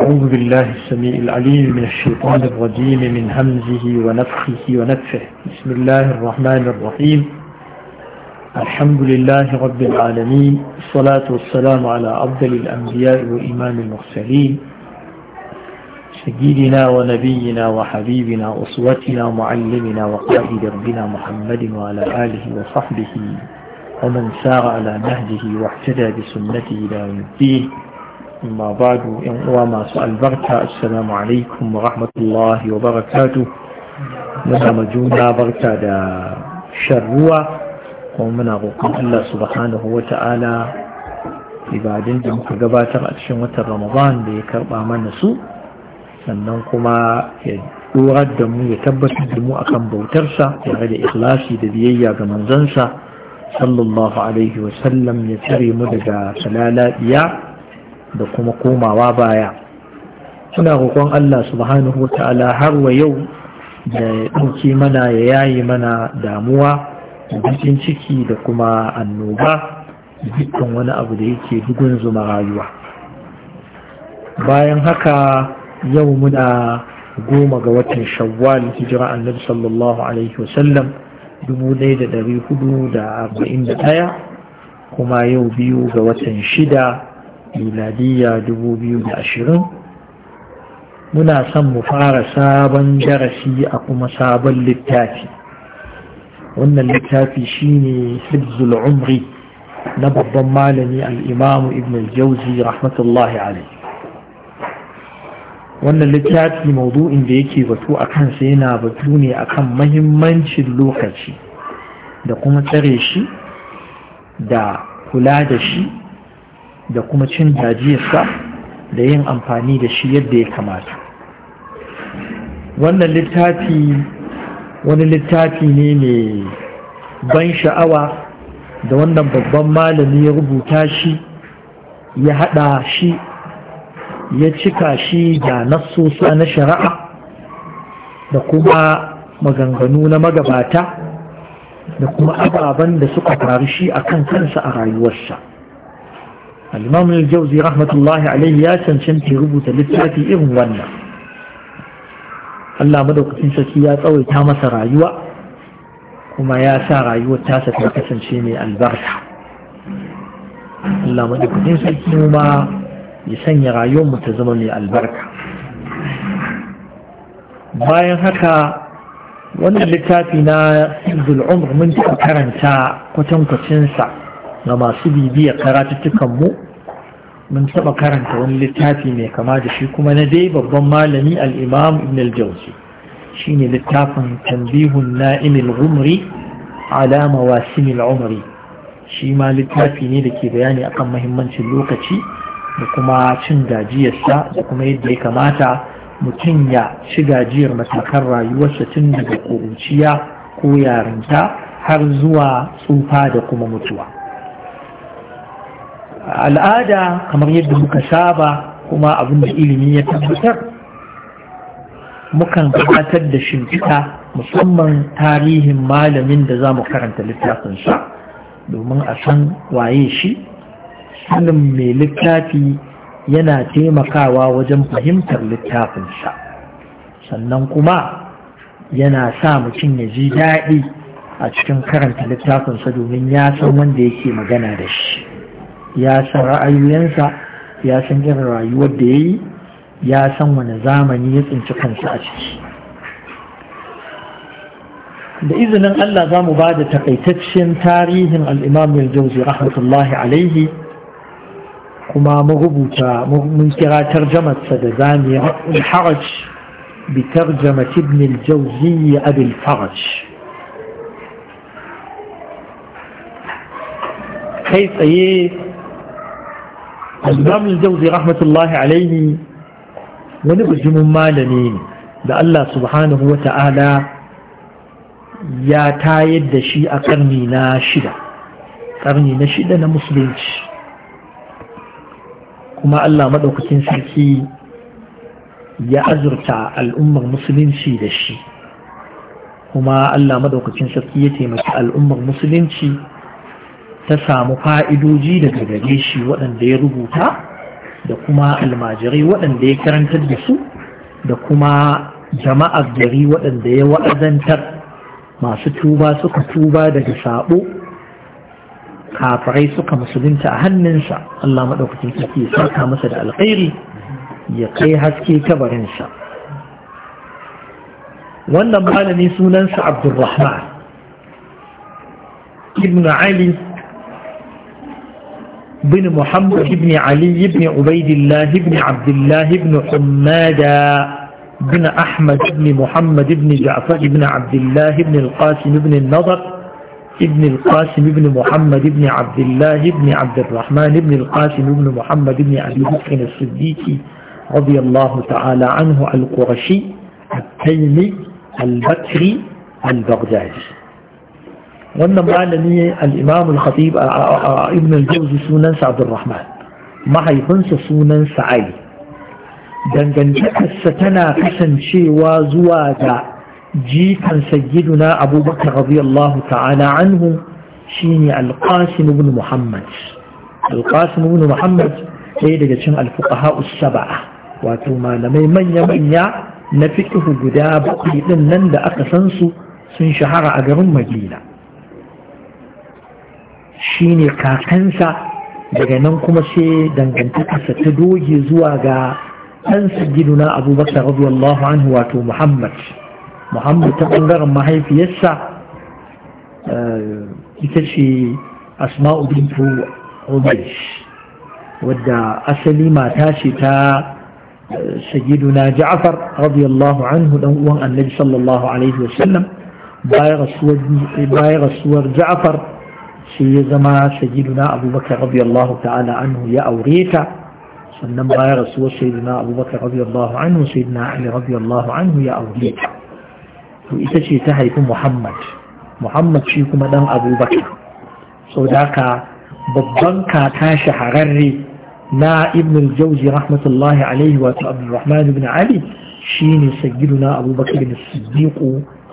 أعوذ بالله السميع العليم من الشيطان الرجيم من همزه ونفخه ونفه بسم الله الرحمن الرحيم الحمد لله رب العالمين الصلاة والسلام على أفضل الأنبياء وإمام المرسلين سيدنا ونبينا وحبيبنا أسوتنا معلمنا وقائد ربنا محمد وعلى آله وصحبه ومن سار على نهجه واحتدى بسنته إلى الدين amma badu yan uwa masu albarka assalamu alaikum wa rahmatullahi wa barakatu muna ma juna barka da shan ruwa kuma muna roƙon Allah subhanahu wa ta'ala ibadun da muka gabatar a cikin watan ramadan da ya karɓa mana su sannan kuma ya dorar da mu ya tabbatar da mu akan bautarsa tare da ikhlasi da biyayya ga manzansa sallallahu alaihi wa sallam ya tsare mu daga biya. da kuma komawa baya suna roƙon Allah subhanahu wa ta'ala har wa yau da ya ɗauki mana ya yayi mana damuwa da ciki da kuma annoba dukkan wani abu da yake dugun zuma rayuwa bayan haka yau muna goma ga watan shawwal hijira annabi sallallahu alaihi wasallam ɗaya kuma yau biyu ga watan shida miladiyya 2020 muna son mu fara sabon darasi a kuma sabon littafi wannan littafi shine hibzul umri na babban malami al'imamu ibn jauzi rahmatullahi alaihi wannan littafi maudu'in da yake batu a kansa yana batu ne akan mahimmancin lokaci da kuma tsare shi da kula da shi da kuma cin jajiyarsa da yin amfani da shi yadda ya kamata wannan littafi wani littafi ne mai ban sha'awa da wannan babban malami ya rubuta shi ya haɗa shi ya cika shi da nassosa na shari'a da kuma maganganu na magabata da kuma ababen da suka faru shi a kan kansa a rayuwarsa al-imam al-jawzi ya alayhi ya cancanci rubuta littafi irin wannan Allah madaukakin sarki ya tsawaita masa rayuwa kuma ya sa rayuwar tasa ta kasance mai albarka Allah madaukakin sarki ma ya sanya rayuwar mu ta zama mai albarka bayan haka wannan littafi na ibdul umar mun karanta kwatankwacinsa ga masu bibiyar karatuttukanmu mun taɓa karanta wani littafi mai kama da shi kuma na dai babban malami al'imam ibn al-jauzi shi ne littafin tambihun na'imil rumri alama wasimil umri shi ma littafi ne da ke bayani akan mahimmancin lokaci da kuma cin gajiyarsa da kuma yadda ya kamata mutum ya ci gajiyar matakan rayuwarsa tun daga ƙuruciya ko yarinta har zuwa tsufa da kuma mutuwa al'ada kamar yadda muka saba kuma abin da ilimi ya tabbatar mukan gabatar da shimfiɗa musamman tarihin malamin da za mu karanta littafinsa domin a san waye shi sanin mai littafi yana taimakawa wajen fahimtar littafinsa sannan kuma yana sa mutum ya ji daɗi a cikin karanta littafinsa domin ya san wanda yake magana da shi ya san ra'ayoyinsa ya san irin rayuwar da ya yi ya san wani zamani ya tsinci kansa a ciki da izinin Allah za mu ba da takaitaccen tarihin al'imam al-jauzi rahmatullahi alaihi kuma marubuta mun kira tarjamarsa da zami haraj bi tarjama ibn al-jauzi abil faraj kai tsaye al-imam jawzi rahmatullahi alaihi wani bijimin malami ne da Allah subhanahu wa ta'ala ya tayar da shi a karni na shida karni na shida na musulunci kuma Allah maɗaukacin sarki ya azurta al'ummar musulunci da shi kuma Allah maɗaukacin sarki ya taimaki al'ummar musulunci ta samu fa'idoji daga gare shi waɗanda ya rubuta da kuma almajirai waɗanda ya karantar da su da kuma jama'ar gari waɗanda ya wa'azantar masu tuba suka tuba daga sabo kafirai suka musulunta a hannunsa Allah maɗaukacin sarki ya saka masa da alkhairi ya kai haske kabarinsa wannan malami sunansa abdulrahman ibn ali بن محمد بن علي بن عبيد الله بن عبد الله بن حمادة بن أحمد بن محمد بن جعفر بن عبد الله بن القاسم بن النضر ابن القاسم بن محمد بن عبد الله بن عبد الرحمن بن القاسم بن محمد بن أبي بكر الصديق رضي الله تعالى عنه القرشي التيمي البكري البغدادي wannan malami al-imam a a ibn al-jawzi sunan mahaifinsa sunansa Ali dangantakarsa tana kasancewa zuwa ga jikan sayyiduna abubakar radiyallahu ta'ala anhu shine al-qasim ibn muhammad al ibn muhammad ɗaya daga cikin al-fuqaha sabaa wato malamai manya manya na fiqh guda bakwai ɗin nan da aka san su sun shahara a garin madina shi ne kakansa daga nan kuma sai dangantakarsa ta doge zuwa ga ɗansa na abubakar radiyallahu anhu wato muhammad muhammad ta ɓangaren mahaifiyarsa eh, ita ce asma'u bintu obis wadda asali mata ce ta سيدنا eh, jafar رضي الله عنه دون النبي صلى الله عليه وسلم بايغ الصور sai ya zama sayyiduna abubakar radiyallahu ta'ala anhu ya aure ta sannan baya rasuwar sayyiduna abubakar radiyallahu anhu sayyiduna ali radiyallahu anhu ya aure ta to ita ce ta haifi muhammad muhammad shi kuma dan abubakar sau da haka babban kaka shahararre na ibn al rahmatullahi alaihi wato abdurrahman ibn ali shine sayyiduna abubakar as-siddiq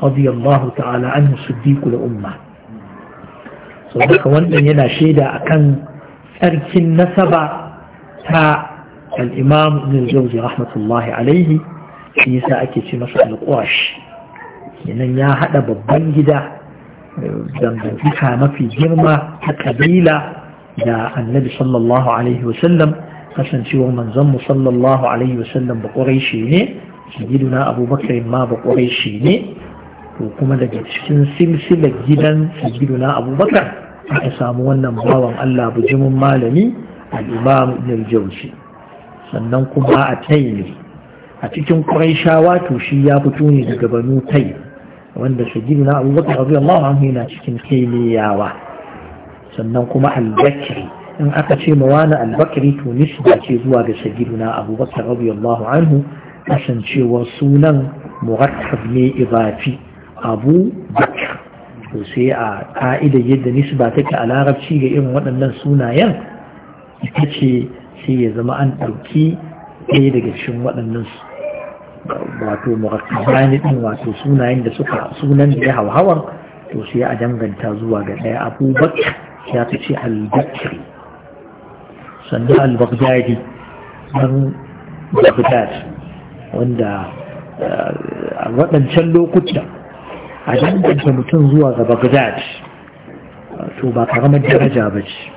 radiyallahu ta'ala anhu siddiq al-umma so haka wannan yana shaida akan tsarkin nasaba ta al'imam ibn jauzi rahmatullahi alaihi shi yasa ake ce masa alƙwash kenan ya haɗa babban gida dangantaka mafi girma ta kabila da annabi sallallahu alaihi wasallam kasancewar manzanmu sallallahu alaihi wasallam baƙwarai ƙwarai ne sayyiduna abubakar ma baƙwarai ƙwarai ne to kuma daga cikin silsilar gidan sayyiduna abubakar aka samu wannan bawan Allah bujimin malami al’imam ibn jawzi sannan kuma a taimi a cikin kurai shawa shi ya fito ne daga banu tai wanda na abubakar radiyallahu anhu yana cikin taimiyawa sannan kuma al in aka ce mawana al-bakri to nisba ce zuwa ga na abubakar radiyallahu anhu kasancewar sunan murakkab ne ibafi abu bakr to sai a ka'idar yadda nisba take a larabci ga irin waɗannan sunayen ita ce sai ya zama an ɗauki ɗaya daga cikin waɗannan wato murakkabani ɗin wato sunayen da suka sunan da ya hauhawar to sai a danganta zuwa ga ɗaya abubakar ya fi ce albakiri sannan albagdadi ɗan bagdad wanda eh, a waɗancan lokutan a danganta mutum zuwa ga bagdad to ba karamar daraja ba ce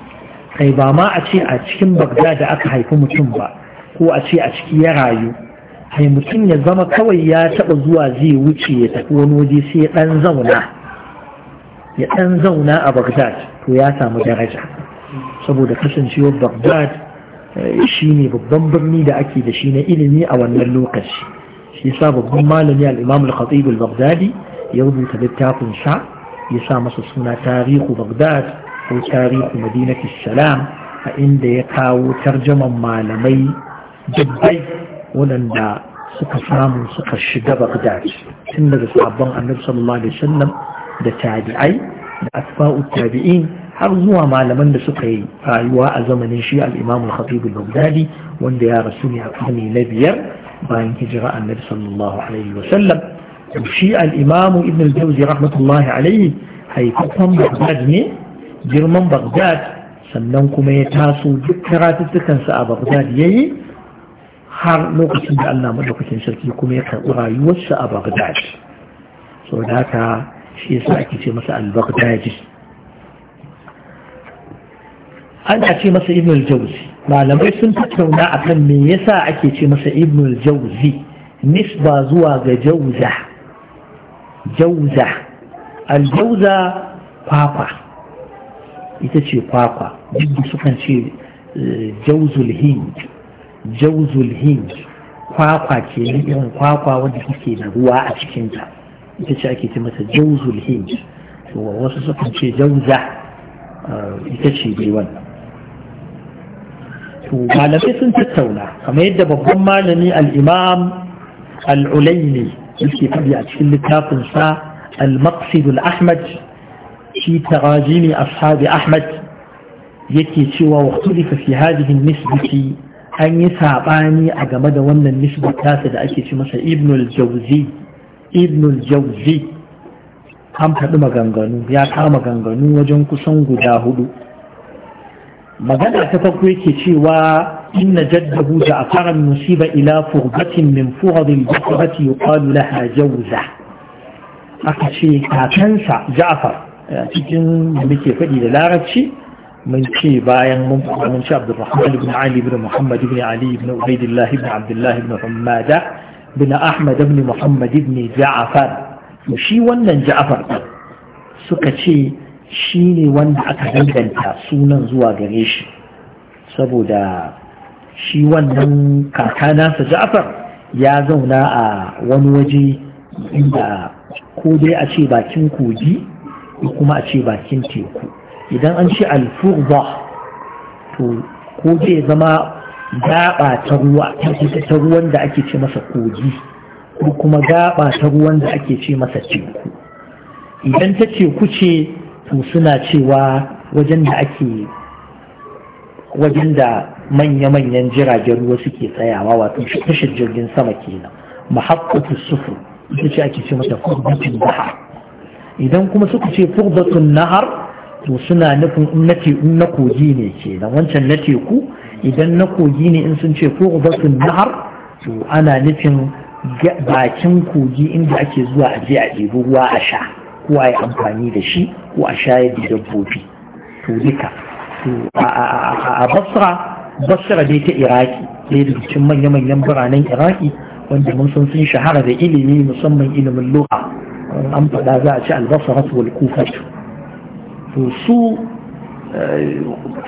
kai ba ma a ce a cikin bagdad da aka haifi mutum ba ko a ce a ciki ya rayu kai mutum ya zama kawai ya taba zuwa zai wuce ya tafi wani waje sai ya dan zauna ya dan zauna a bagdad to ya samu daraja saboda kasancewar bagdad shi ne babban birni da ake da shi na ilimi a wannan lokaci shi sa babban malami al-imam al-khatib al-baghdadi ya rubuta littafin sha ya sa masa suna tarihu bagdad ko tarihu madinati salam a inda ya kawo tarjaman malamai dubbai waɗanda suka samu suka shiga bagdad tun daga sabon annabi sallallahu alaihi wasallam da tabi'ai da asfa'u tabi'in har zuwa malaman da suka yi rayuwa a zamanin shi al-imam al-khatib al-baghdadi wanda ya rasu ne a karni na biyar bayan hijira annabi sallallahu alaihi wasallam يمشي الإمام ابن الجوزي رحمة الله عليه هيكفهم بغداد مين؟ جرمان بغداد سننكم يتاسو جكرات تكنسا بغداد يهي حر نوكس بألنا مدوكس شركيكم يتاورا يوسا بغداد سوداتا شيء سأكي في مسألة بغداد أنا أتي مسأ ابن الجوزي ما لم يسن تترونا أكن من يسا أكي في مسأ ابن الجوزي نسبة زواج جوزه jauza aljauza kwakwa ita ce kwakwa duk sukan ce eh, jauzul hind jauzul hind kwakwa irin kwakwa wanda take da ruwa a cikinta ita ce ake ce mata jauzul wasu sukan ce jauza eh, ita ce to malamai sun tattauna kamar yadda babban malami al-imam al-ulaini yake faɗi a cikin littafin sa al-maqsid al-ahmad shi tarajimi ashabi ahmad yake cewa waqtuli fa fi hadhihi nisbati an yi sabani a game da wannan nisbar tasa da ake ci masa ibn al-jawzi ibn al-jawzi an faɗi maganganu ya kama maganganu wajen kusan guda hudu magana ta farko yake cewa إن جده جعفرا نسب إلى فربة من فرض البقرة يقال لها جوزة أكشي كاكنسا جعفر cikin da muke faɗi da larabci mun ce bayan mun faɗa mun ce Abdulrahman ibn Ali ibn Muhammad ibn Ali ibn Ubaidillah ibn Abdullah ibn Hammada ibn Ahmad ibn Muhammad ibn Ja'far shi wannan Ja'far din suka ce shi ne wanda aka danganta sunan zuwa gare shi saboda shi wannan kaka nasa ja'far ya zauna a wani waje inda ko dai a ce bakin kogi ko kuma a ce bakin teku idan an ce alfurba to ko dai zama gaba ta ruwa ta ruwan da ake ce masa kogi ko kuma gaba ta ruwan da ake ce masa teku idan ta teku ce to suna cewa wajen da ake wajen da manya-manyan jiragen ruwa suke tsayawa wato tashar jirgin sama kenan mahabbatu sufuri, ita ce ake ce mata furbatun nahar idan kuma suka ce furbatun nahar to suna nufin in na in na kogi ne kenan wancan na teku idan na kogi ne in sun ce furbatun nahar to ana nufin bakin kogi inda ake zuwa a je a ɗebi ruwa a sha ko a yi amfani da shi ko a shayar da dabbobi to duka a basra basra dai ta iraki ɗaya daga cikin manya-manyan biranen iraki wanda mun san sun shahara da ilimi musamman ilimin lura an faɗa za a ci albasara wal kufa to su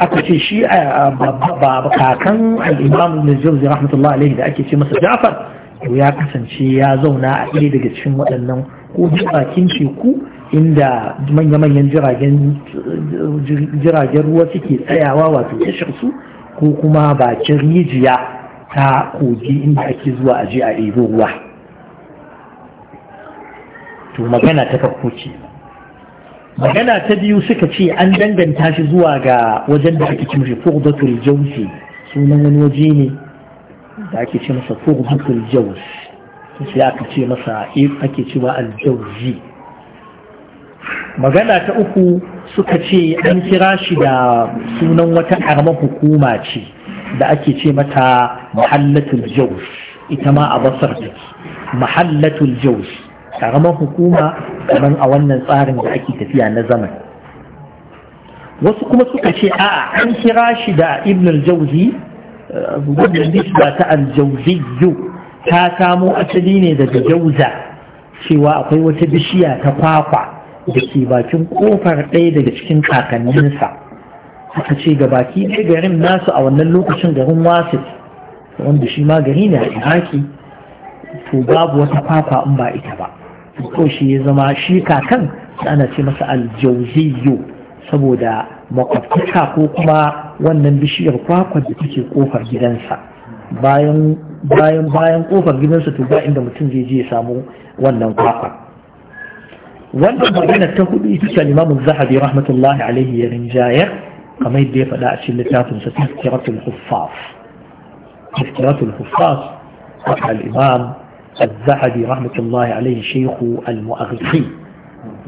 aka ce shi ba kakan al'imamu da jirgin rahmatullah alaihi da ake ce masa jafar to ya kasance ya zauna a ɗaya daga cikin waɗannan ko jirakin teku inda manya-manyan jiragen ruwa suke tsayawa wato tashar su ko kuma bakin rijiya ta kogi inda ake zuwa aje a ɗebo ruwa to magana ta farko ce magana ta biyu suka ce an danganta shi zuwa ga wajen da ake cimshi furdatul jauzi sunan wani waje ne da ake ce masa furdatul su sai aka ce masa eh, ake cewa aljauzi magana ta uku suka ce an kira shi da sunan wata karamar hukuma ce da ake ce mata mahallatul jaus ita ma a basar take mahallatul jaus karamar hukuma kamar a wannan tsarin da ake tafiya na zaman wasu kuma suka ce a'a an kira shi da ibn al-jauzi wannan nisba ta al-jauziyyu ta samo asali ne daga jauza cewa akwai wata bishiya ta kwakwa da ke bakin kofar ɗaya daga cikin kakanninsa aka ce ga baki ɗaya garin nasu a wannan lokacin garin wasit wanda shi ma gari ne a iraki to babu wata kwakwa in ba ita ba ko shi ya zama shi kakan ana ce masa aljauziyo saboda makwabtaka ko kuma wannan bishiyar kwakwar da take kofar gidansa bayan bayan bayan kofar gidansa to ba inda mutum zai je ya samu wannan kwakwar wannan magana ta hudu ita ce limamun zahabi rahmatullahi alaihi ya rinjaya kamar yadda ya faɗa a cikin littafin sa tiskiratul huffaf tiskiratul huffaf wata al-zahabi rahmatullahi alaihi shehu al-mu'aghifi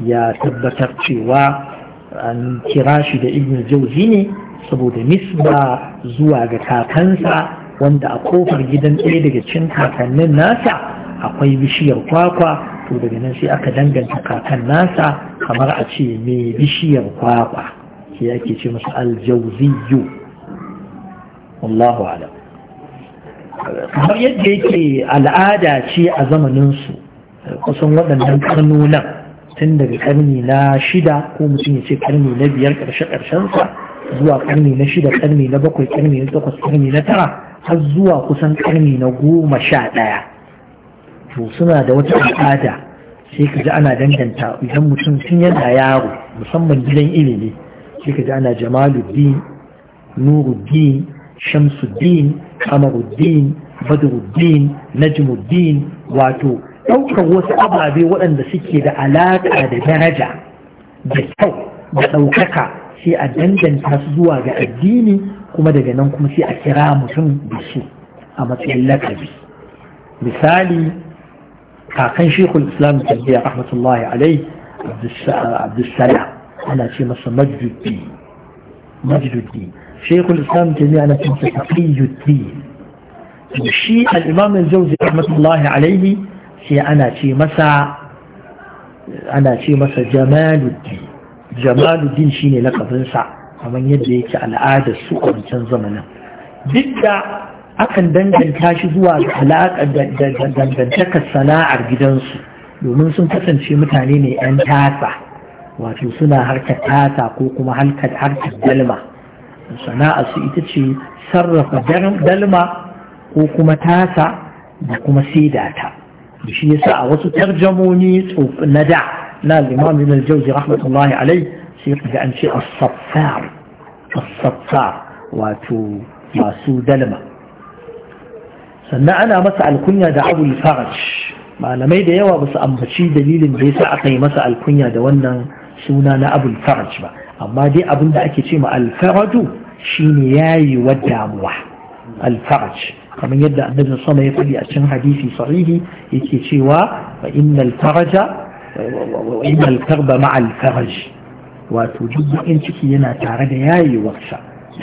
ya tabbatar cewa an kira shi da ibn jauzi ne saboda misba zuwa ga kakansa wanda a kofar gidan ɗaya daga cikin kakannin nasa akwai bishiyar kwakwa to daga nan sai aka danganta kakan nasa kamar a ce mai bishiyar kwakwa sai ake ce masa aljauziyu allahu alam kamar yadda yake al'ada ce a zamaninsu kusan waɗannan karnunan tun daga karni na shida ko mutum ya ce karni na biyar ƙarshe-ƙarshensa zuwa karni na shida karni na bakwai karni na takwas karni na tara har zuwa kusan karni na goma sha ɗaya to suna da wata al'ada sai ka ji ana danganta idan mutum sun yana yaro musamman gidan ilimi sai ka ji ana jamaluddin nuruddin shamsuddin kamaruddin badruddin najmuddin wato ɗaukar wasu ababe waɗanda suke da alaƙa da daraja da kyau da ɗaukaka sai a danganta su zuwa ga addini kuma daga nan kuma sai a kira mutum da su a matsayin lakabi misali كان شيخ الإسلام التربية رحمة الله عليه عبد السلام أنا في مصر مجد الدين مجد الدين شيخ الإسلام التربية أنا كنت تقي الدين الشيء الإمام الجوزي رحمة الله عليه في أنا في مساء أنا في مساء جمال الدين جمال الدين شيء لك فنسع ومن يدريك على عادة سوء من كان زمنا akan danganta shi zuwa ga da dangantakar sana'ar gidansu domin sun kasance mutane ne 'yan tasa wato suna harkar tasa ko kuma harkar harkar dalma sana'ar su ita ce sarrafa dalma ko kuma tasa da kuma sedata shi yasa a wasu tarjamoni na da na limam ibn al-jawzi rahmatullahi alai sai ga an ce as-saffar as-saffar wato masu dalma sannan ana masa alkunya da abul faraj malamai da yawa ba su ambaci dalilin da yasa aka yi masa alkunya da wannan suna na abul faraj ba amma dai abin da ake ce ma alfaraju shine wa damuwa alfaraj kamar yadda annabi sama ya faɗi a cikin hadisi sahihi yake cewa fa innal faraja wa innal karba ma wato duk ciki yana tare da yayewarsa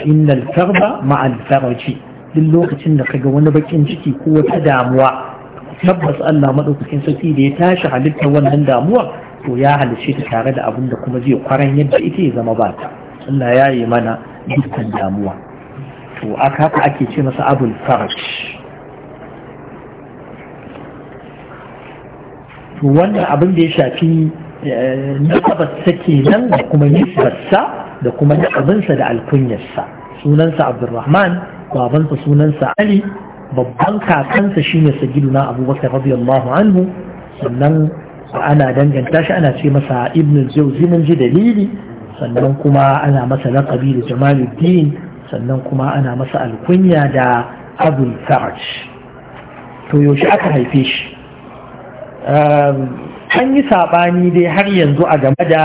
innal karba ma alfaraji. duk lokacin da kaga wani bakin ciki ko wata damuwa tabbas Allah madaukakin sarki da ya tashi halitta wannan damuwa to ya halice ta tare da abin da kuma zai kwaran yadda ita ya zama bata Allah ya yi mana dukkan damuwa to aka haka ake ce masa abul faraj to wannan abin da ya shafi eh, nasabarsa nan, da kuma nisbarsa da kuma nasabinsa da alkunyarsa sunansa abdulrahman babansa sunansa ali babban kakansa shine sagiduna abubakar radiyallahu anhu sannan ana danganta shi ana ce masa ibn jauzi mun ji dalili sannan kuma ana masa laƙabi da jamaluddin sannan kuma ana masa alkunya da abul faraj to yaushe aka haife shi um, an yi saɓani dai har yanzu a game da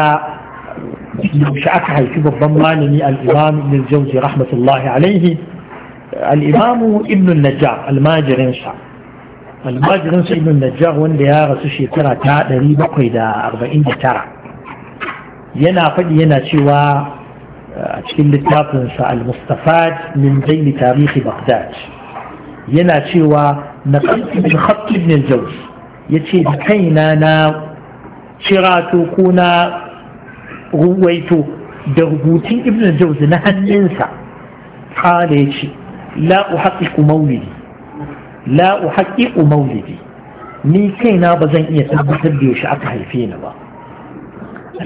yaushe aka haifi babban malami al'imam ibn jauzi rahmatullahi alaihi al'imamu ibn najjar almajirinsa almajirinsa ibn najjar wanda ya rasu shekara ta ɗari da da arba'in tara. yana faɗi yana cewa a cikin littafinsa al-mustafad min zaili tarihi baghdad yana cewa na ƙarfin khattib ne ya ce da kaina na cirato ko na ruwaito da rubutun ibn jaus na hannunsa ƙada yaci. la uhaqqiqu mawlidi la uhaqqiqu mawlidi ni kaina ba zan iya tabbatar da yaushe aka haife ni ba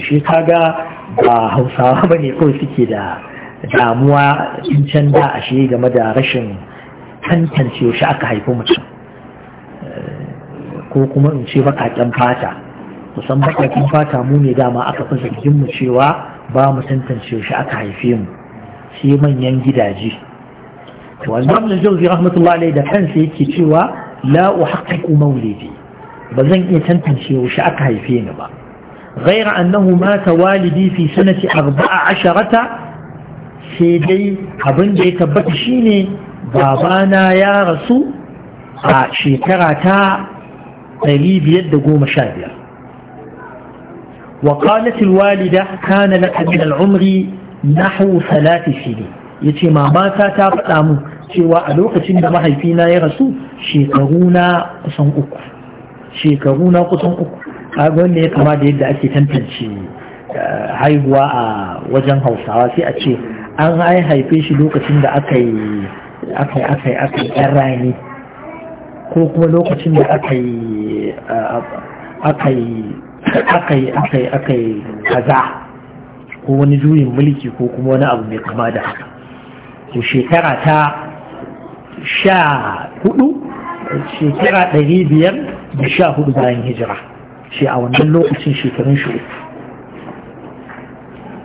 shi kaga ba hausawa ba ne kawai suke da damuwa in can da ashe game da rashin tantance yaushe aka haifi mutum ko kuma in ce bakaken fata kusan bakaƙen fata mu ne dama aka fi zargin mu cewa ba mu tantance yaushe aka haife mu sai manyan gidaje والمام الجوزي رحمة الله عليه ده كان سيكي لا أحقق مولدي بزن إيه تنتنشي وشأك هيفين با غير أنه مات والدي في سنة أربعة عشرة سيدي أبن دي تبتشيني بابانا يا رسول آه، شكرة قريب يد قوم شابير وقالت الوالدة كان لك من العمر نحو ثلاث سنين ya ce mamata ta faɗa mu cewa a lokacin da mahaifina ya rasu shekaru na kusan uku shekaru na kusan uku kaga wanda ya kama da yadda ake tantance eh, haihuwa a wajen hausawa sai a ce an haife shi lokacin da aka yi aka yi aka yi yan rani ko kuma lokacin da aka yi eh, aka yi aka yi aka yi aka yi kaza ko wani juyin mulki ko kuma wani abu mai kama da haka to shekara ta sha hudu shekara ɗari biyar da sha hudu bayan hijira shi a wannan lokacin shekarun shi uku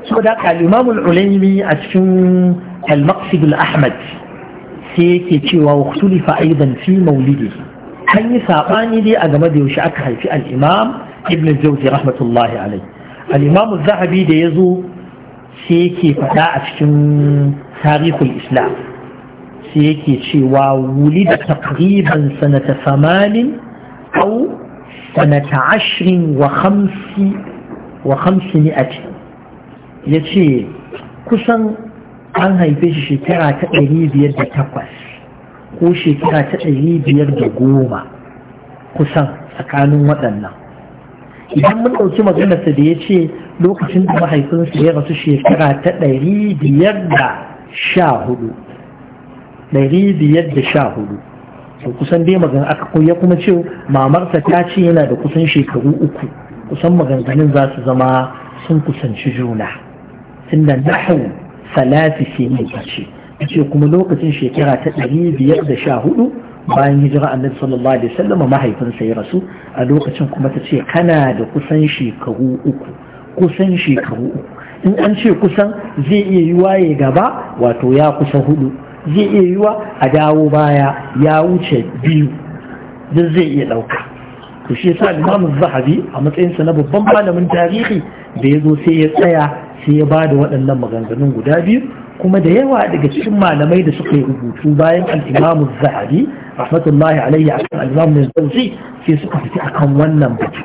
so da ka limamul ulaimi a cikin al-maqsid al-ahmad sai yake cewa waktulifa aidan fi maulidi an yi saɓani dai a game da yaushe aka haifi al-imam ibn jawzi rahmatullahi alai al-imam zahabi da ya zo sai yake faɗa a cikin tarihul islam sai yake cewa wuli da takriban sanata samanin au sanata ashirin wa hamsi ne a ce ya ce kusan an haife shi shekara ta ɗari biyar da takwas ko shekara ta ɗari biyar da goma kusan tsakanin waɗannan idan mun ɗauki maganarsa da ya ce lokacin da mahaifinsa ya rasu shekara ta ɗari biyar da sha hudu ɗari biyar da sha hudu to kusan dai magana aka koya kuma ce mamarsa ta ce yana da kusan shekaru uku kusan maganganun za su zama sun kusanci juna tunda nahu salati ce mai ce ce kuma lokacin shekara ta ɗari biyar da sha hudu bayan hijira annabi sallallahu alaihi wasallam mahaifinsa ya rasu a lokacin kuma ta ce kana da kusan shekaru uku kusan shekaru uku in an ce kusan zai iya yiwa ya gaba wato ya kusa hudu zai iya yiwa a dawo baya ya wuce biyu duk zai iya ɗauka to shi yasa imamu Zahabi a sa na babban malamin tarihi da ya zo sai ya tsaya sai ya ba da waɗannan maganganun guda biyu kuma da yawa daga cikin malamai da suka yi rubutu bayan al Zahabi rahmatullahi alayhi akan al-Imam Nawawi sai suka fita akan wannan batu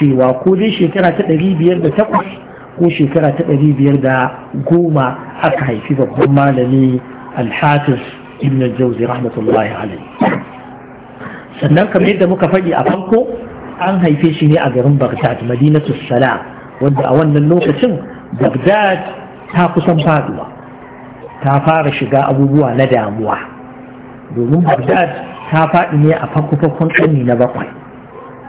cewa ko dai shekara ta ɗari biyar da takwas. ko shekara ta ɗari biyar da goma aka haifi babban malami alhafiz ibn jauzi rahmatullahi alai sannan kamar yadda muka faɗi a farko an haife shi ne a garin bagdad madinatu sala wanda a wannan lokacin bagdad ta kusan faduwa ta fara shiga abubuwa na damuwa domin bagdad ta faɗi ne a farko-farkon ƙarni na bakwai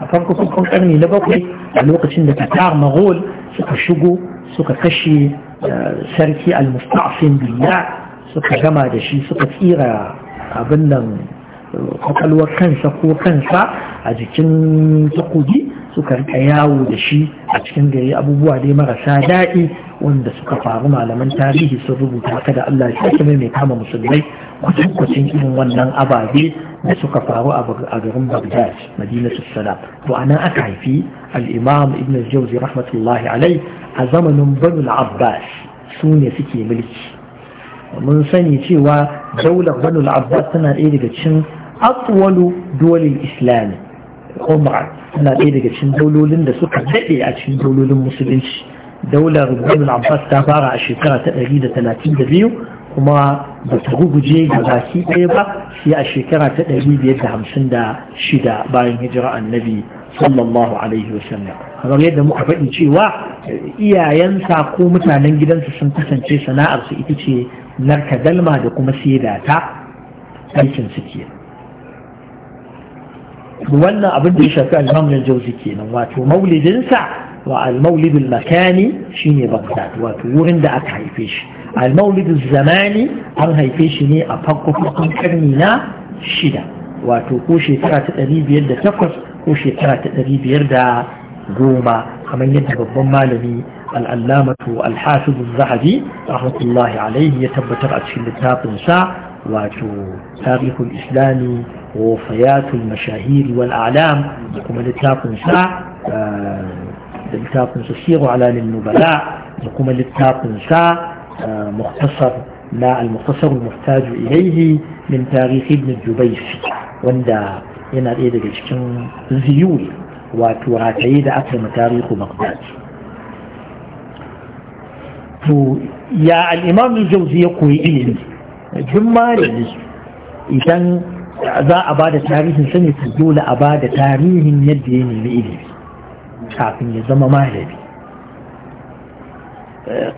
a farko-farkon ƙarni na bakwai a lokacin da ta magol suka shigo suka kashe eh, sarki al-musta'fin billah suka gama da shi suka tsira abin nan kwakwalwar kansa ko kansa a jikin takobi suka rika yawo da shi a cikin gari abubuwa dai marasa daɗi wanda suka faru malaman tarihi sun rubuta haka da Allah ya sake mai kama musulmai kwatankwacin irin wannan ababe سكفاه أبغم بغداد مدينة السلام وأنا أكعي في الإمام ابن الجوزي رحمة الله عليه أزمن بن العباس سوني سكي ملك ومن سني تيوى دولة بن العباس سنة إيدي أطول دول الإسلام عمر سنة إيدي قتشن دولو لند سكة دقي أتشن دولو لند دولة بن العباس تابارة أشيكرة تأريدة تناتين دبيو kuma ba ta guguje ga baki ɗaya ba sai a shekara ta ɗari biyar da hamsin da shida bayan hijira annabi sallallahu alaihi wasallam kamar yadda muka faɗi cewa iyayensa ko mutanen gidansa sun kasance sana'arsu ita ce narka dalma da kuma saida ta aikin wannan abin da ya shafi alhamdulillah jauzi kenan wato maulidinsa wa al maulidin makani shine bagdad wato wurin da aka haife shi المولد الزماني أن هاي في شيء أفكر في كم كمينا شدة وتوكوشي ترى تدري بيرد تفكر كوشي ترى تدري بيرد جوما كما ينتبه بمالمي العلامة الحافظ الزهدي رحمة الله عليه يتبتر أتشل التاب نساء واتو تاريخ الإسلام ووفيات المشاهير والأعلام كما التاب نساء التاب نساء على للنبلاء كما التاب نساء آه، مختصر ما المختصر المحتاج إليه من تاريخ ابن الجبيس وندا إن الإيدة دقى شكين زيول وتراتي دا أكرم تاريخ بغداد يا الإمام الجوزي يقوي إلي جمالي إذن za أباد تاريخ سنة tarihin أباد تاريخ dole a ba يزم tarihin yadda ya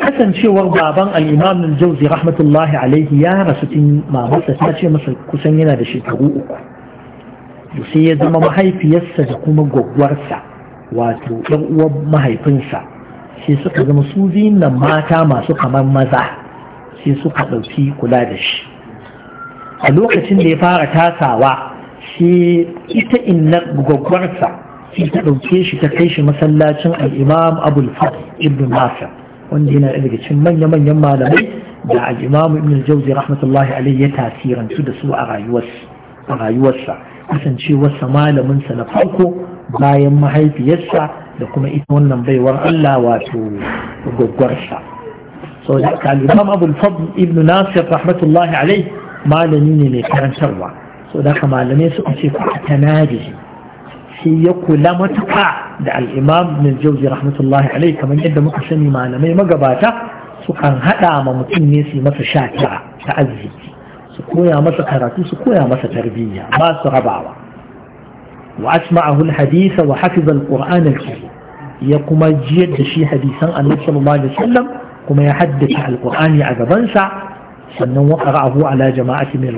kasancewar baban Alimamin al-jauzi rahmatullahi alaihi ya rasu tun mamarsa ta ce masa kusan yana da shekaru uku to sai ya zama mahaifiyarsa da kuma gwaggwarsa wato ɗan uwar mahaifinsa sai suka zama su mata masu kamar maza sai suka ɗauki kula da shi a lokacin da ya fara tasawa sai ita inna gwaggwarsa sai ta ɗauke shi ta kai shi masallacin al'imam abul fadl ibn nasir wanda yana daga cikin manya-manyan malamai da al-Imamu ibn jauzi rahmatullahi alaihi ya su da su a rayuwarsa kasancewarsa malaminsa na farko bayan mahaifiyarsa da kuma ita wannan baiwar Allah wato gwaggwarsa So da kalimam abul fadl ibn nasir rahmatullahi alaihi malami ne mai karantarwa So da malamai suka ce ku tanaji sai ya kula matuka da al'imam min jauzi rahmatullahi alai kamar yadda muka sani malamai magabata sukan haɗa ma mutum ne su masa sha tara ta arziki su koya masa karatu su koya masa tarbiyya ba su rabawa wa asma'ahu al wa hafiza al-qur'an al ya kuma jiyar da shi hadisan annabi sallallahu alaihi wasallam kuma ya haddace al-qur'ani a gabansa sannan wa qara'ahu ala jama'ati min al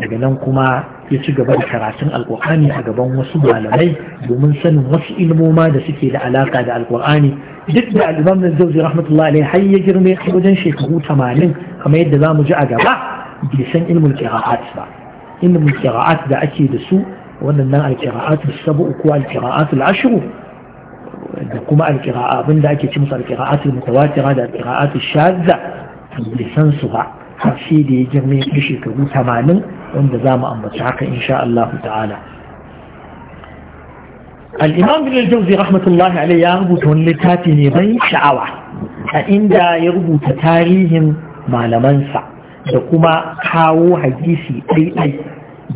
daga nan kuma ya ci gaba da karatun alkur'ani a gaban wasu malamai domin sanin wasu ilmoma da suke da alaka da alkur'ani duk da al'imam na zauzi rahmatullahi alaihi har ya girme wajen shekaru tamanin kamar yadda za mu ji a gaba bai san ilmul qira'at ba ilmul qira'at da ake da su wannan nan al sab'u ko al-qira'at da kuma al abinda ake ci musu al al-mutawatira da al-qira'at ash-shadda bai san su ba har shi da ya girme ya shekaru tamanin wanda za mu ambaci haka insha Allah ta'ala al'imam bin al-jauzi rahmatullahi alai ya rubuta wani littafi ne ban sha'awa a inda ya rubuta tarihin malamansa da kuma kawo hadisi ɗaiɗai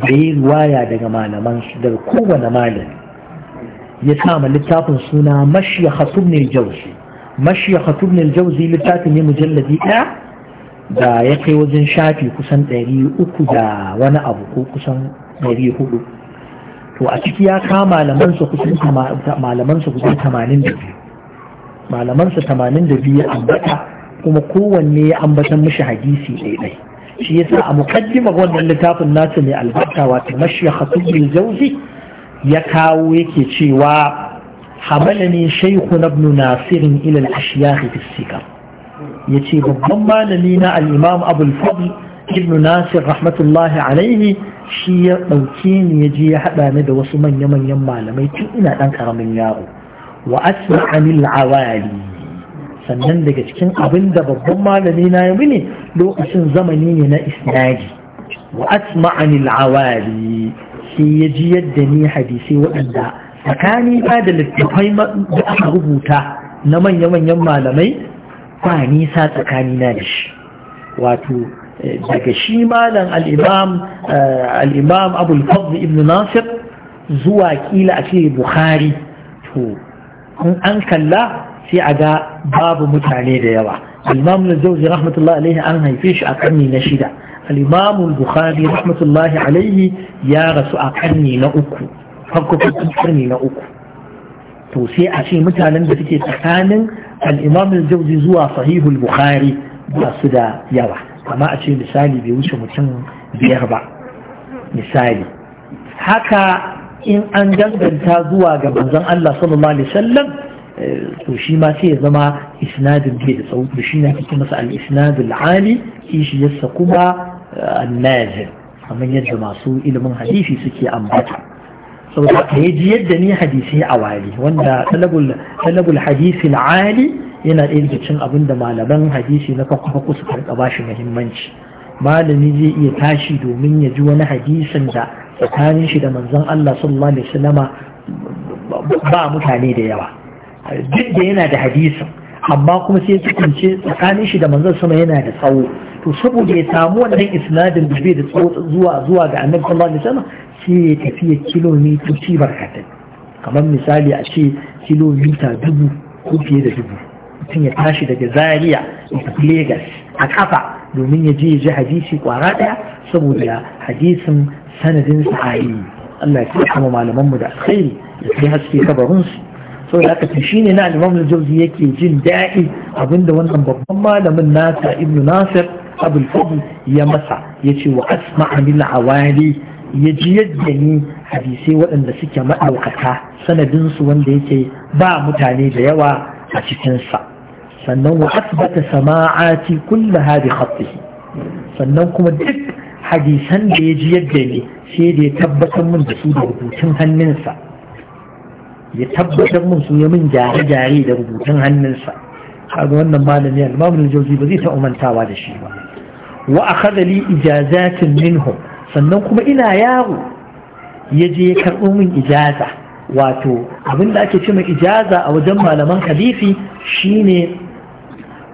da ya ruwaya daga malamansu daga kowane malami ya sama littafin suna mashiya hasubnil jauzi mashiya hasubnil jauzi littafin ne mujalladi ɗaya da ya kai wajen shafi kusan ɗari uku da wani abu ko kusan ɗari hudu to a ciki ya kama malamansa kusan malamansa tamanin da biyu malamansa tamanin da biyu ya ambata kuma kowanne ya ambatan mishi hadisi ɗaiɗai shi yasa a mukaddima wannan littafin nasu mai albarka wata mashi khatibul jauzi ya kawo yake cewa ne hamalani shaykhun ibn nasirin ila al-ashyakh fi sikar ya ce babban malami na al'imam abul ibn nasir rahmatullahi alaihi shi ya ɗauke ni ya je ya haɗa ni da wasu manya-manyan malamai tun ina ɗan ƙaramin yaro wa asma'anil awali sannan daga cikin abin da babban malami na ya mini lokacin zamani ne na isnadi wa asma'anil awali sai ya ji yadda ni hadisai waɗanda tsakani ba da littattafai da aka rubuta na manya-manyan malamai ba nisa tsakanina da shi wato eh, daga shi malam al'imam eh, al'imam abul fadl ibn nasir zuwa kila a ce bukhari to in an kalla sai a ga babu mutane da yawa al'imam na zauzi rahmatullahi alaihi an haife shi a karni na shida al'imam bukhari rahmatullahi alaihi ya rasu a karni na uku farko farkon karni na uku to sai a ce mutanen da suke tsakanin al-imam al zuwa sahihul bukhari ba su da yawa amma a ce misali bai wuce mutum biyar ba misali haka in an danganta zuwa ga manzon Allah sallallahu alaihi wasallam to shi ma sai ya zama isnadin bai da tsawo shi na kike masa al-isnadul ali shi kuma an-nazil kamar yadda masu ilimin hadisi suke ambata saboda ka yi ji da ni hadisi a wali wanda talabul hadisi ali yana ɗaya daga cin abin da malaman hadisi na kwakwaku suka rika ba shi muhimmanci malami zai iya tashi domin ya ji wani hadisin da tsakanin shi da manzon Allah sallallahu alaihi wasallama ba mutane da yawa duk da yana da hadisin amma kuma sai cikince tsakanin shi da manzon sama yana da tsawo to saboda ya samu wannan isnadin da bai da tsawo zuwa zuwa ga annabi sallallahu alaihi wasallam sai ya kilomita kilomitoci barkatai kamar misali a ce kilomita dubu ko fiye da dubu mutum ya tashi daga zaria da Legas a kafa domin ya je ji hadisi kwara daya saboda hadisin sanadin sahayi Allah ya kama malamanmu da alkhairi ya kai haske kabarinsu sau da aka shi ne na alimamun jauzi yake jin daɗi abinda wannan babban malamin nasa ibnu nasir abul fadi ya masa ya ce wa asma a awali ya ji yadda ni hadisai waɗanda suke maɗaukaka sanadinsu wanda yake ba mutane da yawa a cikinsa sannan wa asbata sama'ati kullu hadi khatihi sannan kuma duk hadisan da ya ji yadda ni, sai da ya tabbatar min da su da rubutun hannunsa ya tabbatar min su ya min gyare-gyare da rubutun hannunsa kaga wannan malami al-mamul jawzi ba zai ta umantawa da shi ba wa akhadha li ijazatin minhum sannan kuma ina yaro ya je ya karɓo min ijaza wato abin da ake ce ijaza a wajen malaman hadisi shine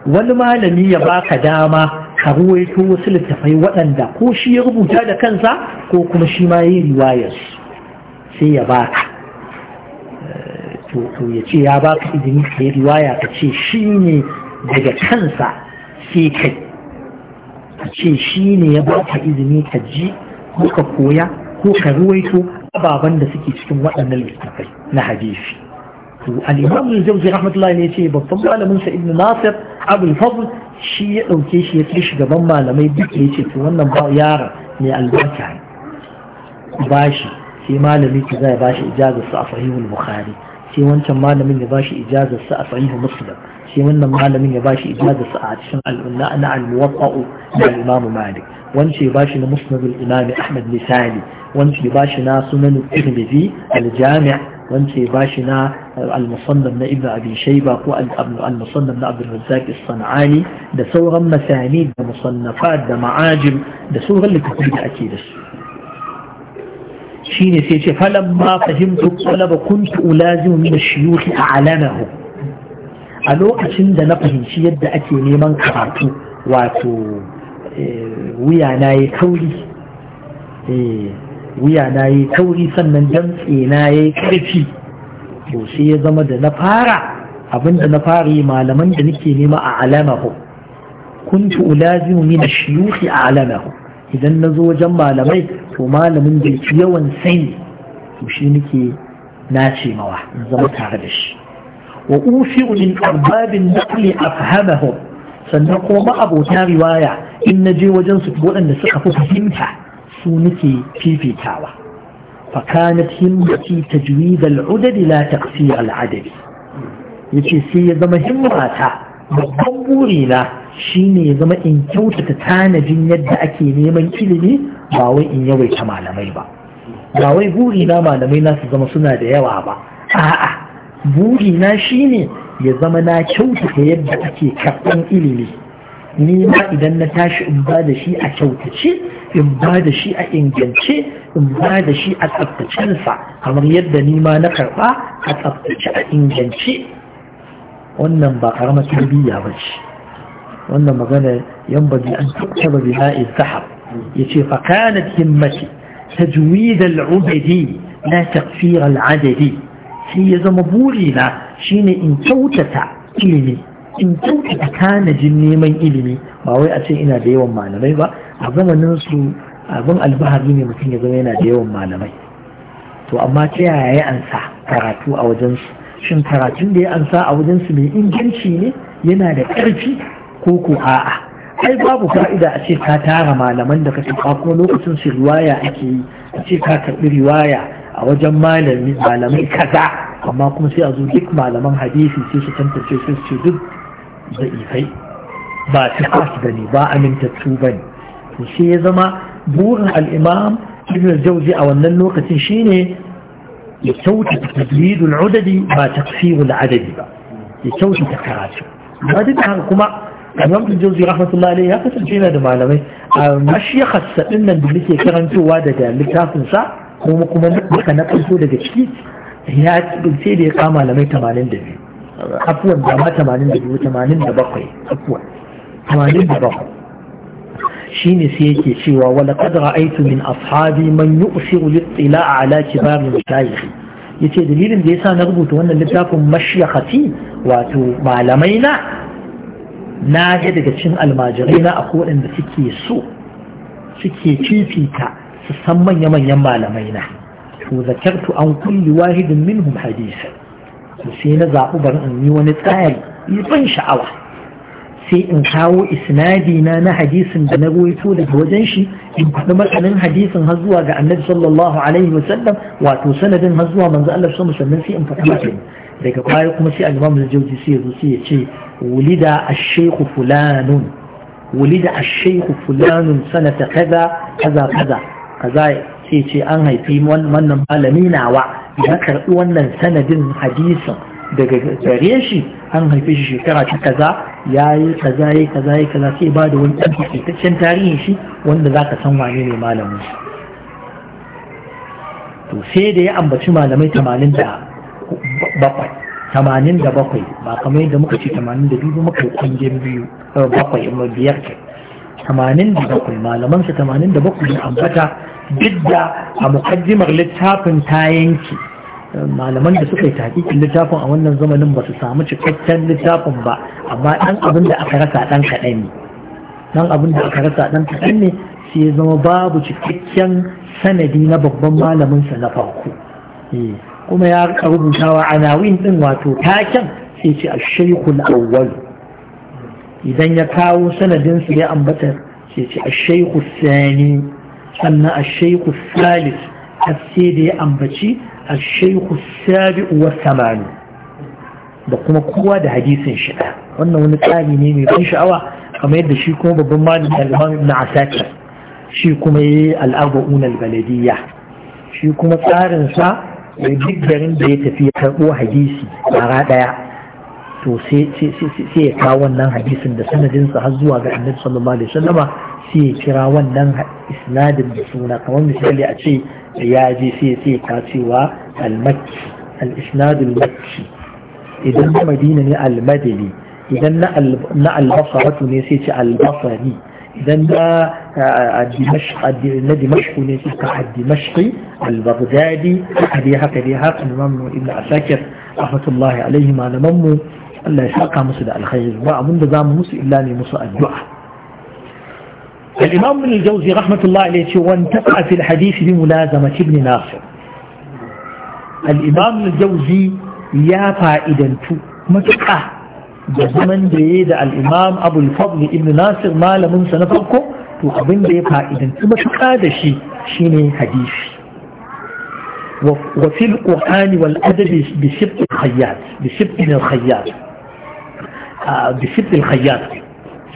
wani malami ya baka dama ka ruwaito wasu littafai waɗanda ko shi ya rubuta da kansa ko kuma shi ma yi riwayar sai ya baka to ya ce ya baka izini ka yi riwaya ka ce shi ne daga kansa sai kai a ce shi ne ya ba ka izini ka ji ko ka koya ko ka ruwaito ababen da suke cikin waɗannan littattafai na hadisi to al-imam al-jawzi rahmatullahi ne ce babban malamin sa ibn nasir abul fadl shi ya dauke shi ya kai shi gaban malamai duk ya ce to wannan ba yaro ne albarka ne bashi sai malami ki zai bashi ijazar sa a sahihul bukhari sai wancan malamin ya bashi ijazar sa a sahihul muslim sai wannan malamin ya bashi ijazarsa a cikin al'umma na al-muwaffa'u da imamu malik wance bashi na musnadul imam ahmad misali wance bashi na sunan tirmidhi al-jami' wance bashi na al-musannaf na ibnu abi shayba ko al-musannaf na abdul razzaq as-sanani da sauran masanid da musannafat da ma'ajim da sauran littattafai da ake da su shine sai ce falamma fahimtu talaba kuntu ulazimu min ash-shuyukh a'lamahu a lokacin da na fahimci yadda ake neman karatu wato eh, wuya na yi kauri eh, wuya na yi kauri sannan dantse na ya yi karfi to sai ya zama da na fara abinda na fara yi malaman da nake nema a alamahu kuntu ulazimu min shiyuhi a alamahu idan na zo wajen malamai to malamin da yawan sani to shi nake nace mawa in zama tare da shi wa usi'u min arbabin naqli afhamahum sannan kuma ma'abota riwaya in na je wajen su waɗanda suka fi fahimta su nake fifitawa fakanat himmati tajwid al-udad la taqsir al yace sai ya zama himmata babban burina shine ya zama in kyautata tanajin yadda ake neman ilimi ba in yawaita malamai ba ba wai burina malamai na zama suna da yawa ba a'a buri na shine ya zama na kyautata yadda ake karɓan ilimi ni ma idan na tashi in ba da shi a kyautace in ba da shi a ingance in ba da shi a tsaftacensa kamar yadda ni ma na karɓa a tsaftace a ingance wannan ba karamar tarbiyya ba ce wannan magana yan baji an tattaba biha'i zahab ya ce fakanat himmati tajwid al-ubadi la taqfir al-adadi sai ya zama burina shine in kyautata ilimi in kyautata tanajin neman ilimi ba wai a ce ina da yawan malamai ba a zamanin su abin albahari ne mutum ya zama yana da yawan malamai to amma ta yaya ya ansa karatu a wajensu shin karatun da ya ansa a wajensu mai inganci ne yana da ƙarfi ko ko a'a ai babu fa'ida a ce ka tara malaman da ka tafa ko lokacin su riwaya ake yi a ce ka karɓi riwaya a wajen malamai kaza amma kuma sai a zo duk malaman hadisi sai su tantance sai su duk za'ifai ba sikas ba ne ba amintattu ba ne to shi ya zama burin al'imam ibn jauzi a wannan lokacin shine ya kyautata tablidul udadi ba taksirul adadi ba ya ta karatu ba duk haka kuma imam ibn jauzi rahmatullahi alaihi ya kasance yana da malamai a mashiyar hasadin nan da muke karantowa daga sa kuma kuma duka na ƙarfi daga ciki ya sai da ya kama malamai 82 afuwan da ma 82 87 afuwan 87 shine sai yake cewa wala qad ra'aytu min ashabi man yu'siru lit-tila'a ala kibar al Ya ce dalilin da sa na rubuta wannan littafin mashyakati wato malamai na na ga daga cikin almajirai na akwai waɗanda suke so suke fifita su san manya-manyan malamai na to zakartu an kulli wahidin minhum hadisa to sai na zaɓi bari in yi wani tsari ban sha'awa sai in kawo isnadi na na hadisin da na ruwaito daga wajen shi in faɗi matsalin hadisin har zuwa ga annabi sallallahu alaihi wa sallam wato sanadin har zuwa manzo Allah sallallahu sai in faɗi matsalin daga baya kuma sai al-imam al-jawzi sai ya sai ya ce wulida ash-shaykh fulanun ولد الشيخ فلان سنة kaza sai ce an haifi wannan malami nawa ya karɓi wannan sanadin hadisin daga gare shi an haife shi shekara ta kaza ya yi kaza ya kaza ya kaza sai ba da wani ɗan fitaccen tarihin shi wanda za ka san wane ne malamin shi to sai da ya ambaci malamai tamanin da bakwai tamanin da bakwai ba kamar yadda muka ce tamanin da biyu muka kungiyar biyu eh, bakwai biyar ke tamanin da bakwai malamansa tamanin da bakwai ambata duk da a mukaddimar littafin ta yanki malaman da suka yi takikin littafin a wannan zamanin ba su samu cikakken littafin ba amma ɗan abin da aka rasa ɗan kaɗan ne ɗan abin da aka rasa ɗan ne sai ya zama babu cikakken sanadi na babban malaminsa na farko eh, kuma ya rubutawa anawin ɗin wato taken sai ce a shaikul awwal idan ya kawo sanadinsu ya ambata sai ce a shaikul sani sannan a shaiku salis har sai da ya ambaci a shaiku sabi'u samani da kuma kowa da hadisin shi wannan wani tsari ne mai ban sha'awa kamar yadda shi kuma babban malin al-imam asakir shi kuma yayi al-arba'un al-baladiyya shi kuma tsarinsa mai duk garin da ya tafi ya karɓo hadisi bara ɗaya. to sai ya kawo wannan hadisin da sanadinsa har zuwa ga annabi sallallahu alaihi wasallama سي كرا ونن اسناد بسونا كمان مش قال شيء يا جي سي سي كاتشي المكي الاسناد المكي اذا مدينة المدني اذا نا نا البصرة نسي البصري اذا آه، نا دمشق نا دمشق نسي كحد البغدادي هذه هكا هذه هكا ابن عساكر رحمة الله عليه ما نممو الله يساقها مسجد الخير وعمون دزام مسجد الله لمسجد الدعاء الإمام من الجوزي رحمة الله عليه وانتفع في الحديث بملازمة ابن ناصر الإمام من الجوزي يا فائدا متقع بزمن بيد الإمام أبو الفضل ابن ناصر ما لم سنفركم وابن دي فائدا متقع دشي شيني حديث وفي القرآن والأدب بسبق الخيات بسبق الخيات, آه، بسبق الخيات.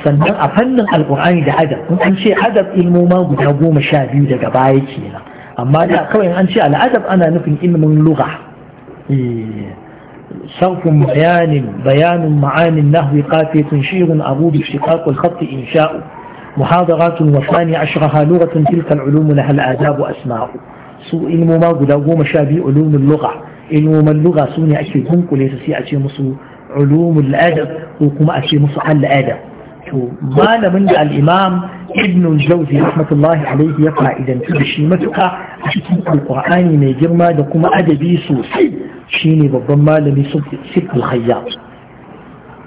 sannan a fannin alkur'ani da adab in san ce adab ma guda goma sha biyu daga baya nan amma da kawai an ce al'adab ana nufin ilmin lugha صرف بيان بيان معاني النهو قافية شير أبو باشتقاق الخط إنشاء محاضرات وثاني عشرها لغة تلك العلوم لها الآداب أسماء سوء علم ما قلوا مشابه علوم اللغة علم اللغة سوني أشي هنك ليس أشي مصر علوم الآدب وكما أشي مصر على الآدب to malamin da al'imam ibn jauzi rahmatullahi alaihi ya fa'idantu da shi matuka a cikin alƙur'ani mai girma da kuma adabi sosai shine babban malami sifil khayya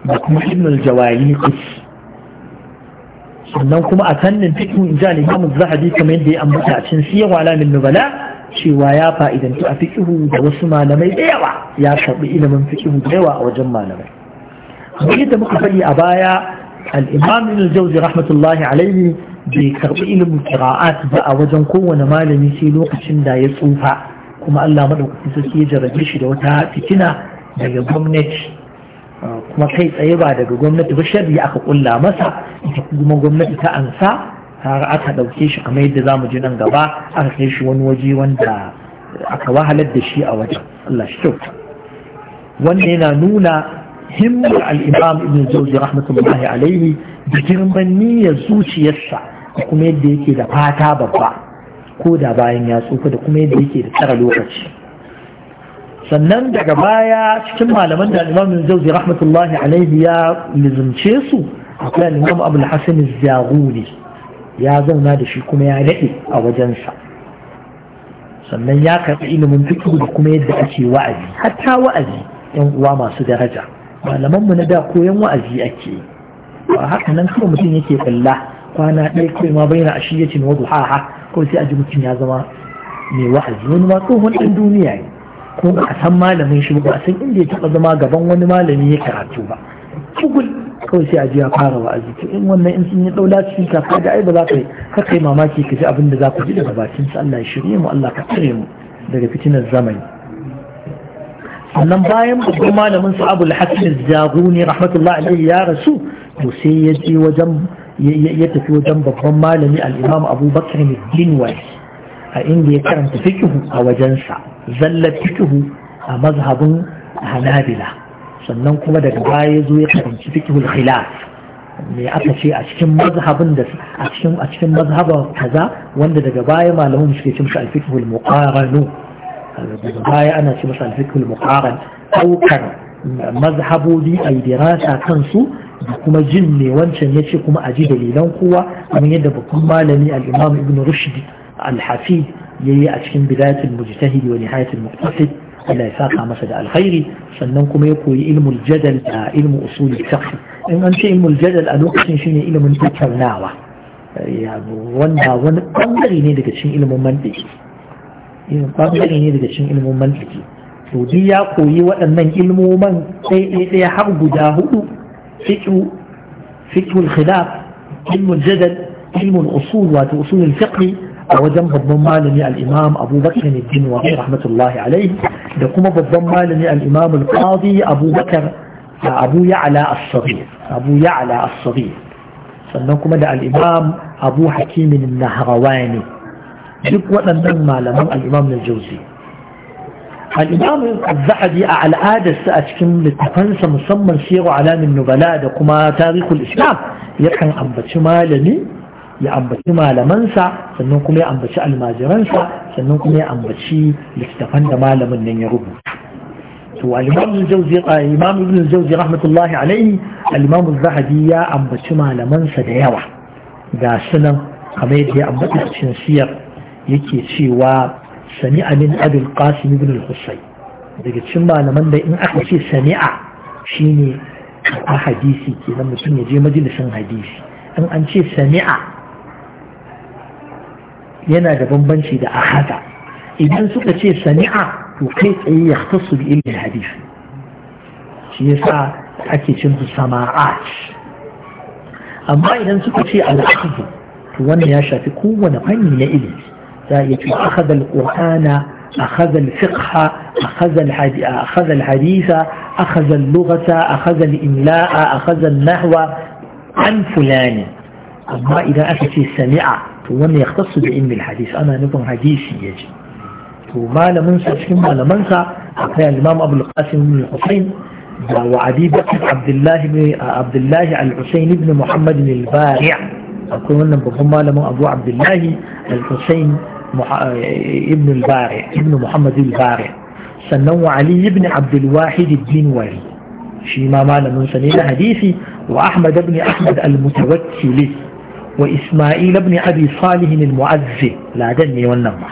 da kuma ibn jawari sannan kuma a fannin fikin in ji al'imam zahabi kamar yadda ya ambata a cikin siyar wala min nubala cewa ya fa'idantu a fikihu da wasu malamai da yawa ya karɓi ilimin fikihu da yawa a wajen malamai. Kamar yadda muka faɗi a baya al'imam ibn jauzi rahmatullahi alaihi bai karɓi ilimin kira'at ba a wajen kowane malami sai lokacin da ya tsufa kuma Allah maɗaukaki sarki ya jarabe shi da wata fitina daga gwamnati kuma kai tsaye ba daga gwamnati ba shari'a aka kulla masa ita kuma gwamnati ta ansa har aka ɗauke shi kamar yadda za mu ji nan gaba aka kai shi wani waje wanda aka wahalar da shi a wajen Allah shi kyauta wannan yana nuna himmar al'imam ibn jauzi rahmatullahi alaihi da girman niyyar zuciyarsa da kuma yadda yake da fata babba ko da bayan ya tsufa da kuma yadda yake da tsara lokaci sannan daga baya cikin malaman da al'imam ibn jauzi rahmatullahi alaihi ya lizumce su akwai al'imam abu hasan zaguni ya zauna da shi kuma ya daɗe a wajensa sannan ya karɓi ilimin fikihu da kuma yadda ake wa'azi hatta wa'azi yan uwa masu daraja malamanmu na da koyon wa'azi ake ba haka nan kuma mutum yake kalla kwana ɗaya kawai ma bayyana a cin wa duhaha kawai sai a ji mutum ya zama mai wa'azi wani ma tsohon ɗan duniya ne ko ba a san malamin shi ba a san inda ya taɓa zama gaban wani malami ya karatu ba kugul kawai sai a ji ya fara wa'azi to in wannan in sun yi ɗau cikin kafa da ai ba za ka yi ka kai mamaki ka ji abin da za ku ji daga bakin sa Allah ya shirye mu Allah ka tsare mu daga fitinar zamani sannan bayan babban malamin su abul hasan zaguni rahmatullah alaihi ya rasu to sai ya je wajen ya tafi wajen babban malami al-imam abubakar dinwai a inda ya karanta fikihu a wajensa zallar fikihu a mazhabin hanabila sannan kuma daga baya ya zo ya karanci fikihul khilaf me aka ce a cikin mazhabin da a cikin a cikin mazhaba kaza wanda daga baya malamin suke cin shi al-fikihul muqaranu daga baya ana ce masa alfikul muqaran daukar mazhabobi a dirasa kansu da kuma jin ne wancan ya ce kuma a ji dalilan kowa kamar yadda babban malami al-imam ibn rushd al ya yi a cikin bidayatul mujtahid wa nihayatul muqtasid Allah ya saka masa da alkhairi sannan kuma ya koyi ilmul jadal da ilmu usuli fiqh in an ce ilmul jadal a lokacin shine ilimin tattaunawa wanda wani bangare ne daga cikin ilimin mantiki ɓangare ne daga cikin ilmin mantiki to duk ya koyi waɗannan ilmoman ɗaya ɗaya har guda hudu fiƙu fiƙul khilaf ilmul jadal ilmul usul wato usulul fiqh a wajen babban malami al-imam Abu Bakr al-Din wa rahmatullahi alayhi da kuma babban malami al-imam al-Qadi Abu Bakr Abu Ya'la as-Saghir Abu Ya'la as-Saghir sannan kuma da al-imam Abu Hakim an-Nahrawani duk waɗannan malaman al'imam na jauzi al'imam al a al'adarsa a cikin littafansa musamman siyaru alamin nubala da kuma tarihul islam yakan ambaci malami ya ambaci malamansa sannan kuma ya ambaci almajiransa sannan kuma ya ambaci littafan da malamin nan ya rubuta to al rahmatullahi alaihi al zahabi ya ambaci malamansa da yawa ga sunan kamar yadda ya ambaci cikin siyar yake cewa sami'a min abin qasim ibn al-husayn daga cikin malaman da in aka ce sami'a shine a hadisi nan mutum ya je majalisin hadisi in an ce sami'a yana da bambanci da ahada idan suka ce sami'a to kai tsaye ya tasu bi ilmin hadisi shi yasa ake cin su sama'at amma idan suka ce al'adu to wannan ya shafi kowane fanni na ilimi أخذ القرآن أخذ الفقه أخذ الحديث أخذ, الحديث أخذ اللغة أخذ الإملاء أخذ النحو عن فلان أما إذا أتت سمع ومن يختص بعلم الحديث أنا نظم حديثي يجي وما لمنسى ثم لمنسى أخي الإمام أبو القاسم بن الحسين وعدي بن عبد الله بن عبد الله الحسين بن محمد بن البارع أقول لهم أبو عبد الله الحسين ابن الباري ابن محمد الباري سنو علي بن عبد الواحد الدين والي في ما مال من سنين حديثي وأحمد بن أحمد المتوكل وإسماعيل بن أبي صالح المعزي لا دني والنمع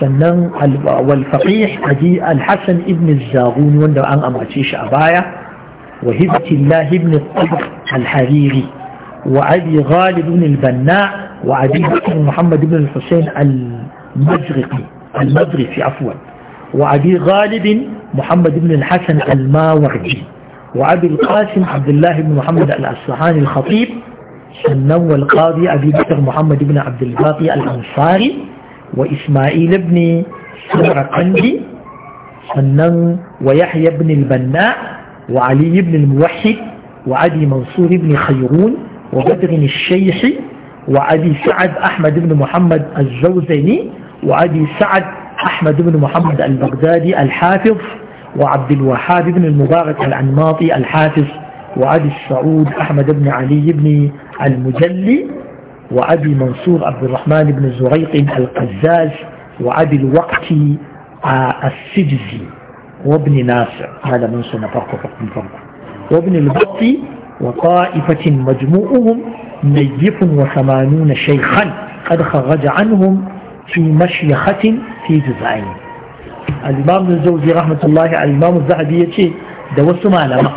سنن والفقيح عدي الحسن ابن الزاغون وندو أن أمعتيش شعبايا وهبت الله بن الطبق الحريري وعلي غالب بن البناء وعدي بكر محمد بن الحسين المزرقي المزرقي عفوا وعدي غالب محمد بن الحسن الماوردي وعبد القاسم عبد الله بن محمد الأصفهاني الخطيب سنن والقاضي أبي بكر محمد بن عبد الباقي الأنصاري وإسماعيل بن سمرقندي سنن ويحيى بن البناء وعلي بن الموحد وعلي منصور بن خيرون وبدر الشيحي وأبي سعد أحمد بن محمد الزوزني وأبي سعد أحمد بن محمد البغدادي الحافظ وعبد الوهاب بن المبارك العنماطي الحافظ وأبي السعود أحمد بن علي بن المجلي وأبي منصور عبد الرحمن بن زريق القزاز وأبي الوقتي آه، السجزي وابن ناصر هذا من سنة فرقه فرق وابن البطي وطائفة مجموعهم نيف وثمانون شيخا قد خرج عنهم في مشيخة في جزعين الإمام الزوزي رحمة الله على الإمام الزعبي يتشي دوس معلمة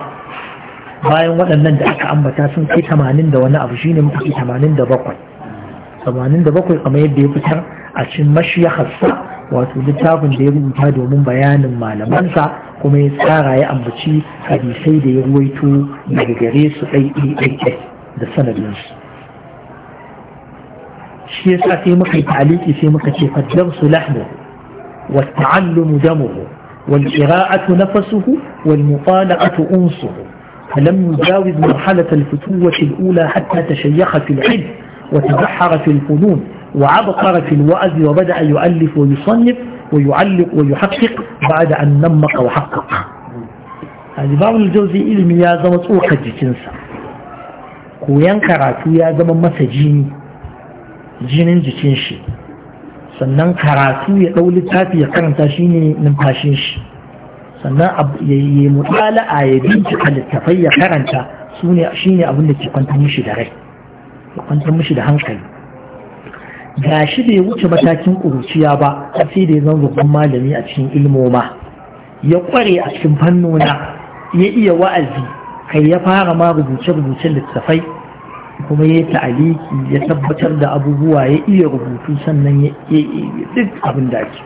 bayan waɗannan da aka ambata sun kai tamanin da wani abu shine muka kai tamanin da bakwai tamanin da bakwai kamar yadda ya fitar a cikin mashiyakarsa wato littafin da ya rubuta domin bayanin malamansa kuma ya tsara ya ambaci hadisai da ya ruwaito daga gare su ɗai ɗai ɗai da sanadinsu shi yasa sai muka yi ta'aliki sai muka ce fadarsu lahmu wa ta'allumu damuhu فلم يجاوز مرحلة الفتوة الأولى حتى تشيخ في العلم وتبحر في الفنون وعبقر في الوأز وبدأ يؤلف ويصنف ويعلق ويحقق بعد أن نمق وحقق هذه بعض الجوزي إلمي يا زمت أوحد جنسه koyan karatu ya zama masa jini jinin jikin shi sannan karatu ya ɗau littafi ya karanta shi ne numfashin shi sannan ya yi a ya bincika littafai ya karanta shi ne abin da ke kwantar mishi da rai ya kwantar mishi da hankali ga shi bai wuce matakin ƙuruciya ba sai da ya zama babban malami a cikin ilmoma ya ƙware a cikin fannona ya iya wa'azi kai ya fara ma rubuce-rubucen littafai kuma ya ta'aliki ya tabbatar da abubuwa ya iya rubutu sannan ya duk abin da ake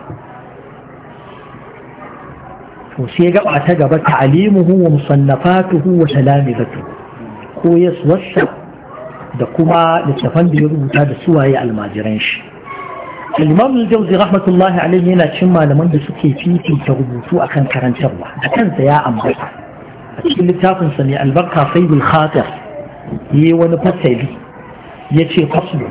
to sai gaba ta gaba ta'alimuhu wa musannafatuhu wa talamizatu ko ya da kuma littafan da ya rubuta da suwaye almajiran shi al-imam al rahmatullahi alayhi yana cin malaman da suke fifita rubutu akan karantarwa da kansa ya ambata a cikin littafin sa ne albarka sayyidul khatir yi wani fasali yace faslu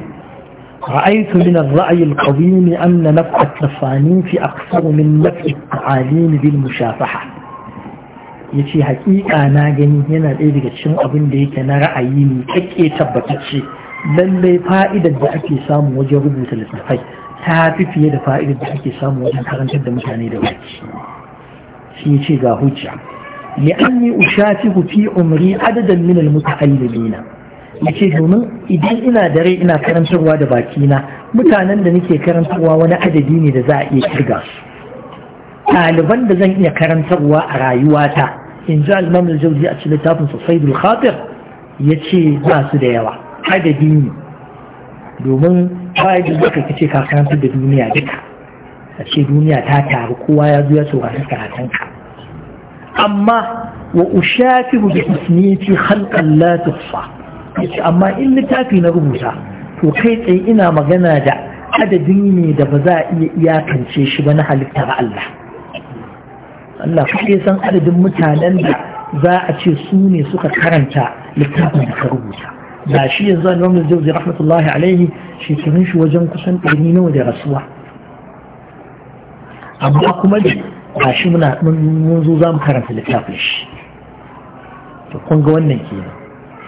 رأيت من الرأي القديم أن نفع التصانيف أكثر من نفع bil mushafaha. yace haƙiƙa na gani yana ɗaya daga cikin abin da yake na ra'ayi ne kake tabbatacce lallai fa'idar da ake samu wajen rubuta littattafai ta fi fiye da fa'idar da ake samu wajen karantar da mutane da baki shi yace ga hujja لأني أشافه في عمري عددا من المتعلمين yace domin idan ina da rai ina karantarwa da bakina mutanen da nake karantarwa wani adadi ne da za a iya kirga ɗaliban da zan iya karantarwa a rayuwata in ji almam da jauzi a cikin littafin sosai bil khatir ya ce ba su da yawa adadi ne domin ba da zaka kace ka karantar da duniya duka a ce duniya ta taru kowa ya zo ya saurari karatunka amma wa ushafihu da ismiti khalqan la tuhsa amma in littafi na rubuta to kai tsaye ina magana da adadin ne da ba za a iya iyakance shi ba na halittar Allah Allah kuke san adadin mutanen da za a ce su ne suka karanta littafin da ka rubuta da shi yanzu an wani zai rahmatullahi alaihi shekarun shi wajen kusan ɗari nawa da rasuwa amma kuma ba shi muna mun zo za mu karanta littafin shi to kun ga wannan kenan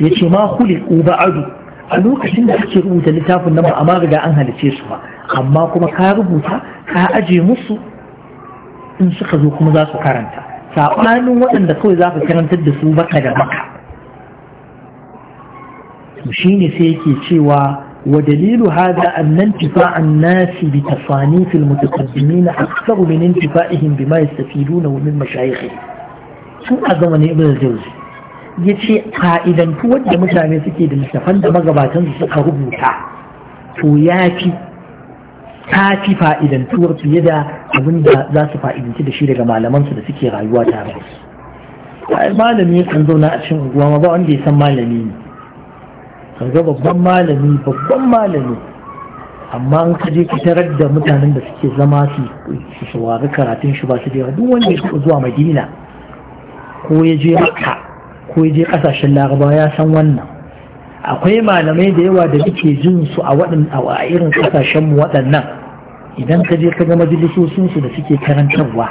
ya ce ma uba adu a lokacin da ake rubuta littafin nan ba amma riga an halice su ba amma kuma ka rubuta ka aje musu in suka zo kuma za su karanta saɓanin waɗanda kawai za ka karantar da su baka da baka shi ne sai yake cewa ودليل هذا أن انتفاع الناس بتصانيف المتقدمين أكثر من انتفائهم بما يستفيدونه من مشايخهم sun a zama ne ibn jauzi ya ce ka'idantu wadda mutane suke da littafan da magabatansu suka rubuta to ya fi ta fi fa'idantuwar fiye da abin da za su fa'idanci da shi daga malamansu da suke rayuwa tare malami kan zauna a cikin unguwa ma ba wanda ya san malami ne kaga babban malami babban malami amma an kaje ka tarar da mutanen da suke zama su saurari karatun shi ba su da duk wanda ya zuwa madina ko ya je maka, ko ya je kasashen laraba ya san wannan akwai malamai da yawa da suke jin su a irin kasashen mu waɗannan idan ka je ka ga majalisosin su da suke karantarwa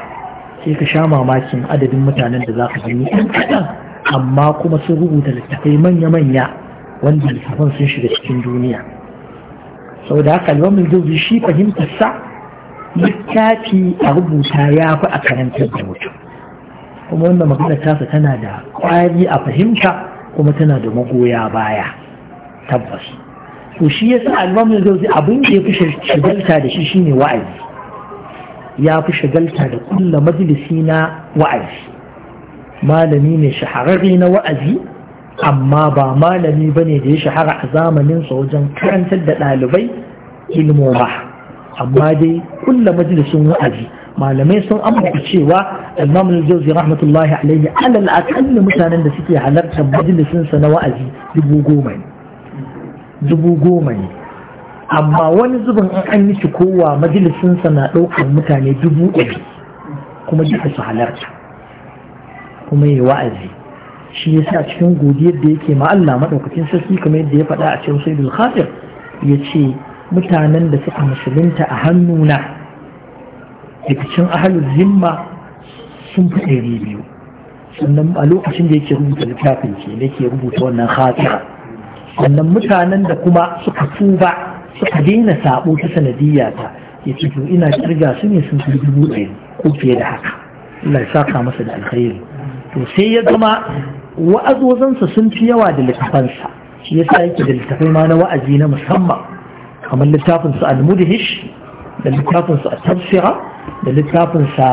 sai ka sha mamakin adadin mutanen da za ka gani ɗan amma kuma sun rubuta littattafai manya-manya wanda littafan sun shiga cikin duniya sau da haka alwamin zubi shi fahimtar sa littafi a rubuta ya fi a karantar da mutum kuma wanda magana tasa tana da kwari a fahimta kuma tana da magoya baya tabbas to shi yasa alwamin zubi abin da ya fi shigalta da shi shine wa'azi ya fi shigalta da kulla majalisi na wa'azi malami mai shahararri na wa'azi amma ba malami ba ne da ya shahara a zamanin wajen karantar da ɗalibai ilmo ba amma dai kulla majalisun wa'azi malamai sun ambata cewa imam al-jawzi rahmatullahi alaihi alal akalli mutanen da suke halartar majalisinsa na wa'azi dubu goma ne dubu goma ne amma wani zubin an an yi kowa majalisinsa na ɗaukar mutane dubu ɗari kuma duka su halarta kuma yi wa'azi shi yasa cikin godiyar da yake ma Allah madaukakin sarki kamar yadda ya faɗa a cikin sayyidul khatir yace mutanen da suka musulunta a hannuna daga cikin ahlul zimma sun fi ɗari biyu sannan a lokacin da yake rubuta littafin ke da yake rubuta wannan khatira sannan mutanen da kuma suka tuba suka daina sabo ta sanadiyya ta ya ce ina kirga su ne sun fi dubu ɗaya ko fiye da haka Allah ya saka masa da alkhairi to sai ya zama wa'azozansa sun fi yawa da littafansa shi yasa yake da littafai ma na wa'azi na musamman kamar littafinsa al-mudhish da littafinsa at-tafsira da littafinsa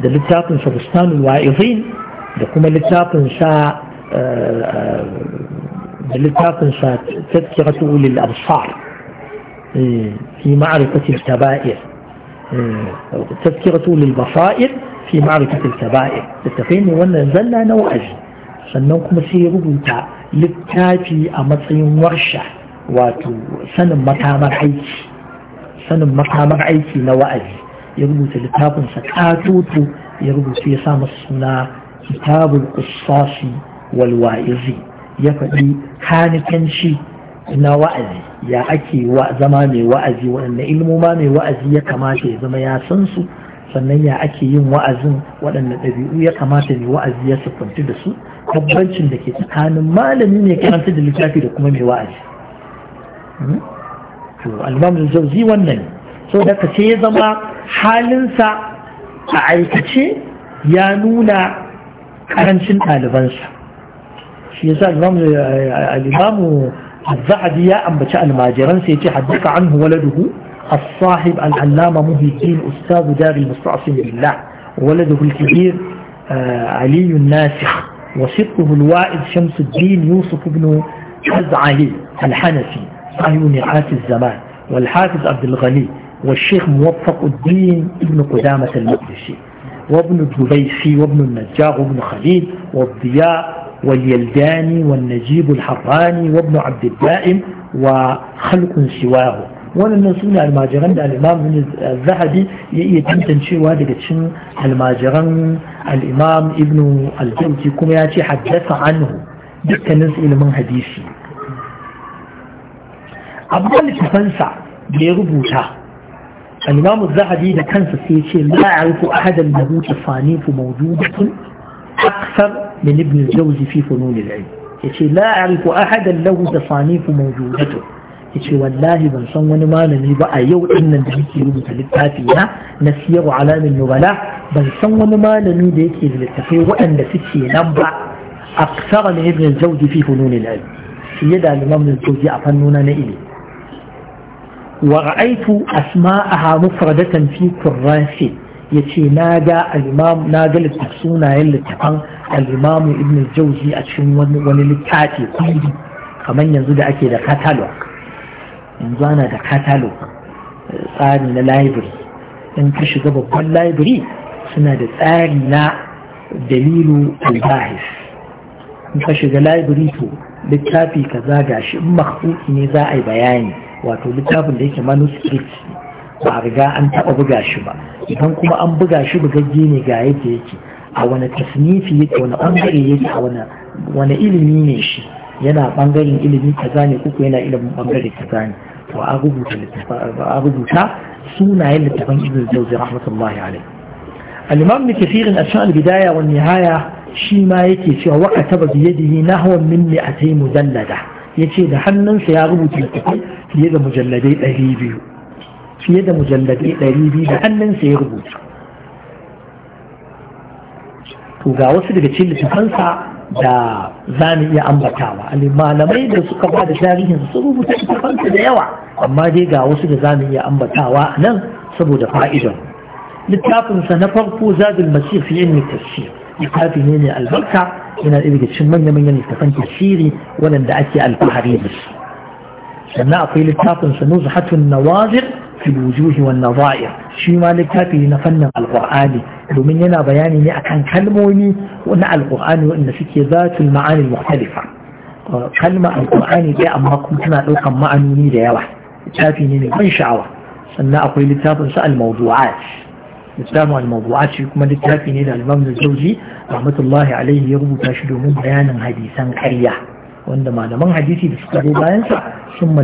da littafinsa bustanul wa'izin da kuma littafinsa da littafinsa tazkiratu ulil absar fi ma'rifati al-kaba'ir tazkiratu lil basair fi ma'rikatul kaba'ir littafai ne wannan zalla na wa'azi sannan kuma sai ya rubuta littafi a matsayin warsha wato sanin makamar aiki sanin makamar aiki na wa'azi ya rubuta littafin sa ya rubuta ya sa masu suna kitabul qissasi wal wa'izi ya faɗi kanikanci na wa'azi ya ake zama mai wa'azi waɗanne ilmoma mai wa'azi ya kamata ya zama ya san su sannan ya ake yin wa'azin waɗanda ɗabi'u ya kamata mai wa'azi ya siffanci da su babbancin da ke tsakanin malami mai karanta da littafi da kuma mai wa'azi hmm? albamu da zauzi wannan sau da ce ya zama halinsa a aikace ya nuna karancin ɗalibansa shi yasa albamu albamu ya ambaci almajiransa ya ce haddaka an waladuhu الصاحب العلامة مهي الدين أستاذ دار المستعصم بالله ولده الكبير آه، علي الناسخ وصدقه الوائد شمس الدين يوسف بن علي الحنفي صاحب نعات الزمان والحافظ عبد الغني والشيخ موفق الدين ابن قدامة المقدسي وابن الدبيسي وابن النجار وابن خليل والضياء واليلداني والنجيب الحراني وابن عبد الدائم وخلق سواه waɗannan su ne almajiran da al'imam zahabi ya iya tantancewa daga cikin almajiran al'imam ibn al-jauzi kuma ya ce haddasa anhu dukkanin su ilimin hadisi abubuwan littafansa da ya rubuta al'imam zahabi da kansa sai ce la'arifu ahadan da huta sanifu mawjudatun aksar min ibn al-jauzi fi funun al-ilm yace la a'rifu ahadan lahu tasanifu mawjudatun Ace wallahi ban san wani malami ba a yau din nan da yake rubuta littafi na na siyaru alamin nubala ban san wani malami da yake da littafai waɗanda suke nan ba aksara na ibn al-jawzi fiye da al-imam a fannuna na ilimi wa ra'aitu hamu fardatan fi kurrasi yace na ga al na ga sunayen littafan al ibn al a cikin wani littafi kamar yanzu da ake da catalog yanzu ana da catalog eh, tsari na library in ka shiga babban library suna da tsari na dalilu albahis in ka shiga library to littafi ka zaga shi in makhfuki ne za a yi bayani wato littafin da yake manuscript ba a riga an taɓa buga shi ba idan kuma an buga shi bugagge ne ga yadda yake a wani tasnifi yake wani ɓangare yake a wani ilimi ne shi yana ɓangaren ilimi kaza ne kuku yana ilimin ɓangare kaza ne to a rubuta sunayen littafan ibn jauzi rahmatullahi alai al-imam ne kafirin a shan bidaya wa nihaya shi ma yake cewa waka taba biyadihi nahwan min mi'atai mujallada yace da hannunsa ya rubuta littafai fiye da mujalladai 200 fiye da mujalladai 200 da hannunsa ya rubuta to ga wasu daga cikin littafansa da za mu iya ambatawa malamai da suka ba da tarihin su rubuta littafansu da yawa amma dai ga wasu da za mu iya ambatawa a nan saboda fa'idan littafinsa na farko zadul masir fi ilmi tafsir littafi ne ne albarka yana daga cikin manyan manyan littafan tafsiri waɗanda ake alfahari da su sannan akwai littafinsa nuzhatun nawazir fi wujuhi wan nazair shi ma littafi na fannin alƙur'ani domin yana bayani ne akan kalmomi na alƙur'ani waɗanda suke zatul ma'anil mukhtalifa uh, kalma alƙur'ani ɗaya amma kuma tana ɗaukan ma'anoni da yawa littafi ne mai ban sha'awa sannan akwai littafin su al-mawdu'at littafin al-mawdu'at shi kuma littafi ne da al-imam Zawji rahmatullahi alaihi ya rubuta shi domin bayanin hadisan karya wanda malaman hadisi da suka zo bayansa sun ma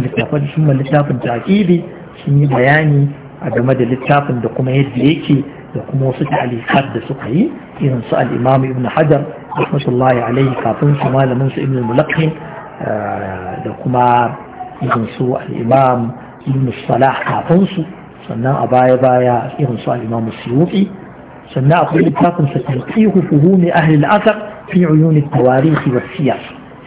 littafin taƙiri sun yi bayani a game da littafin da kuma yadda yake da kuma wasu ta'alifat da suka yi irin su al ibn hajar rahmatullahi alaihi kafin su malamin su ibn mulaqin eh, da kuma irin su al-imam ibn salah kafin su sannan a baya baya irin su al-imam sannan akwai littafin sa huhu fuhumi ahli al-athar fi uyun at wa siyas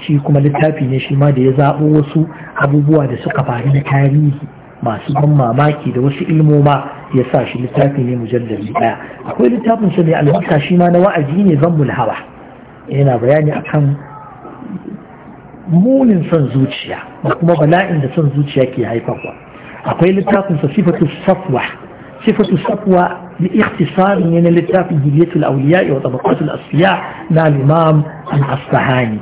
shi kuma littafi ne shi ma da ya zabo wasu abubuwa da suka faru na tarihi masu ban mamaki da wasu ilmoma ya sa shi littafi ne mujallabi daya akwai littafin sa ne albarka shi ma na wa'azi ne zan hawa yana bayani akan munin son zuciya da kuma bala'in da son zuciya ke haifarwa akwai littafin sa sifatu safwa sifatu safwa bi ikhtisar ne na littafin hidiyatul awliya wa tabaqatul asfiya na Limam an al-asfahani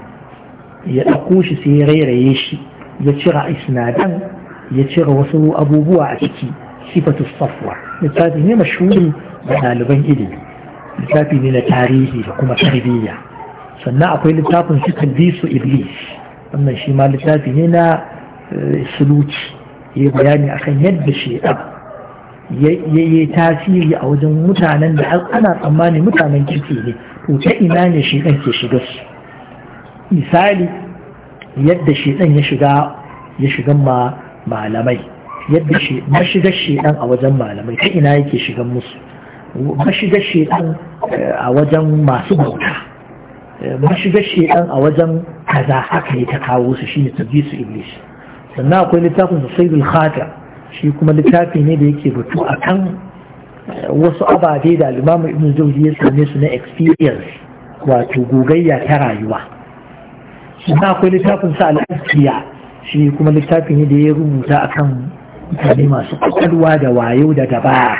ya dauko shi sai ya rairaye shi ya cira isnadan ya cire wasu abubuwa a ciki sifatu safwa littafi ne mashhuri ga ɗaliban ilimi littafi ne na tarihi da kuma tarbiyya sannan akwai littafin su talbisu iblis wannan shi ma littafi ne na eh, suluci ya bayani akan yadda shi ya yi tasiri a wajen mutanen da har ana tsammanin mutanen kirki ne to ta ina ne shaidan ke shiga su misali yadda shaidan ya shiga ya shiga ma malamai yadda mashigar shedan a wajen malamai ta ina yake shigan musu mashigar shedan eh, a wajen masu bauta eh, mashigar shedan a wajen kaza haka ne ta kawo su shine tabbisu iblis sannan akwai littafin sayyidul khatir shi kuma littafi ne da yake batu akan eh, wasu ababe da alimamu ibn jauzi ya same su na experience wato gogayya ta rayuwa sannan akwai littafin sa al'azkiya shi kuma littafi ne da ya rubuta akan mutane masu kwakwalwa da wayo da dabara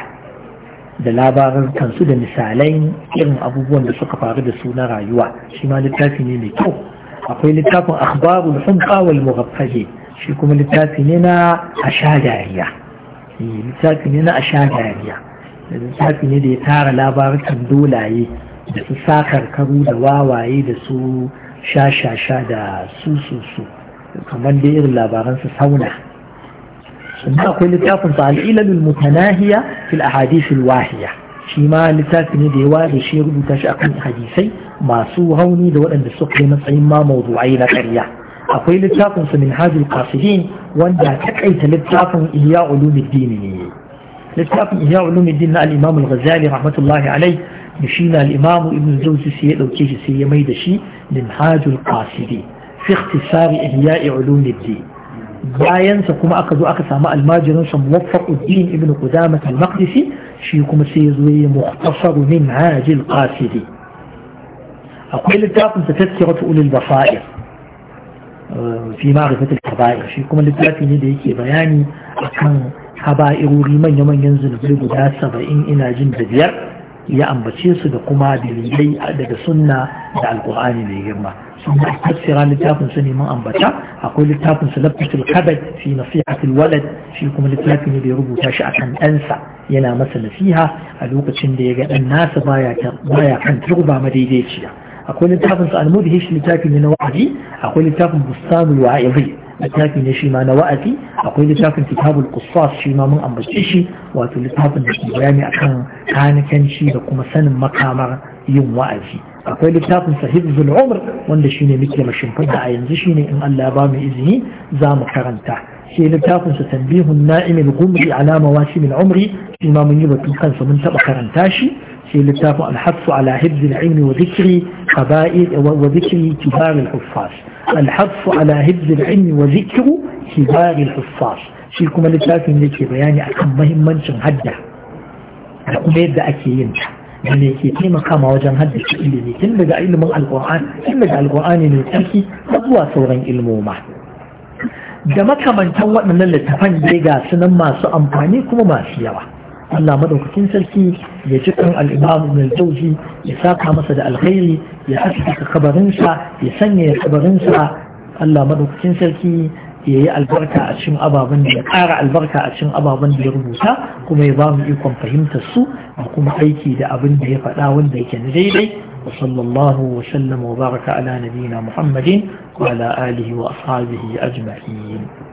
da labaran kansu da misalai irin abubuwan da suka faru da su na rayuwa shi ma littafi ne mai kyau akwai littafin akhbarul humqa wal mughaffali shi kuma littafi ne na dariya? Eh, littafi ne na dariya? littafi ne da ya tara labarukan dolaye da su sakar karu da wawaye da su shashasha da su su su كمان دي إغلى إيه بغنس سونة ثم أقول لك أفن طالئيلة المتناهية في الأحاديث الواهية شما لتاكن ديوا لشير بتاش أقل حديثي ما سوهوني دو أن السوق لمسعين ما موضوعين قرية أقول لك أفن من هذه القاسدين وأن لا تكعيت لتاكن إياء علوم الدينيين لتاكن إياء علوم الدين الإمام الغزالي رحمة الله عليه نشينا الإمام ابن الزوز سيئ لو كيش سيئ ميدشي منهاج القاسدين في اختصار إحياء علوم الدين بعين سكما أكدوا أكسا ما الماجرون سموفق الدين ابن قدامة المقدسي شيكم سيزوي مختصر من عاجل القاسد أقول التاقم ستذكرة أولي البصائر آه، في معرفة الحبائر شيكم التاقم لديك بياني أكن حبائر لمن يمن ينزل بلد داسة بإن إنا جن بذير يا أنبتشيس بقما بلدي أدد سنة دع القرآن ليهرمه sannan fassira littafin su neman ambata akwai littafin su lafisul kabad fi nasihatul walad shi kuma littafin ne da ya rubuta shi akan ɗansa yana masa nasiha a lokacin da ya ga ɗan nasa baya kan turba madaidaiciya akwai littafin su almudhi shi littafin ne na wa'azi akwai littafin bustanul wa'izi littafi ne shi ma na wa'azi akwai littafin kitabul qissas shi ma mun ambace shi wato littafin da ke bayani akan kanikanci da kuma sanin makamar yin wa'azi akwai littafin sahih zul umr wanda shine muke mashimfida a yanzu shine in Allah ya ba mu izini za mu karanta sai littafin sa tanbihun na'im al-ghumri ala mawasim al-umri shi ma mun yi batun kansa mun taba karanta shi shi littafin alhatsu ala hibzin ilmi wa zikri wa zikri kibar al-huffaz alhatsu ala hibzin ilmi wa shi kuma littafin ke bayani akan mahimmancin hadda da kuma yadda ake yin ta wanda ke taimaka ma wajen haddace ilimi tun daga ilimin alkur'an tun daga alkur'ani mai tsarki har zuwa sauran ilmoma da makamantan waɗannan littafan dai ga sunan masu amfani kuma masu yawa Allah maɗaukacin sarki ya ci kan al'imam mai jauzi ya saka masa da alkhairi ya haskaka kabarinsa ya sanya kabarinsa Allah maɗaukacin sarki ya yi albarka a cikin ababen da ya ƙara albarka a cikin ababen da ya rubuta kuma ya ba mu ikon fahimtar su a kuma aiki da abin da ya faɗa wanda yake na daidai wa sallallahu wa sallama wa baraka ala nabiyina muhammadin wa ala alihi wa ashabihi ajma'in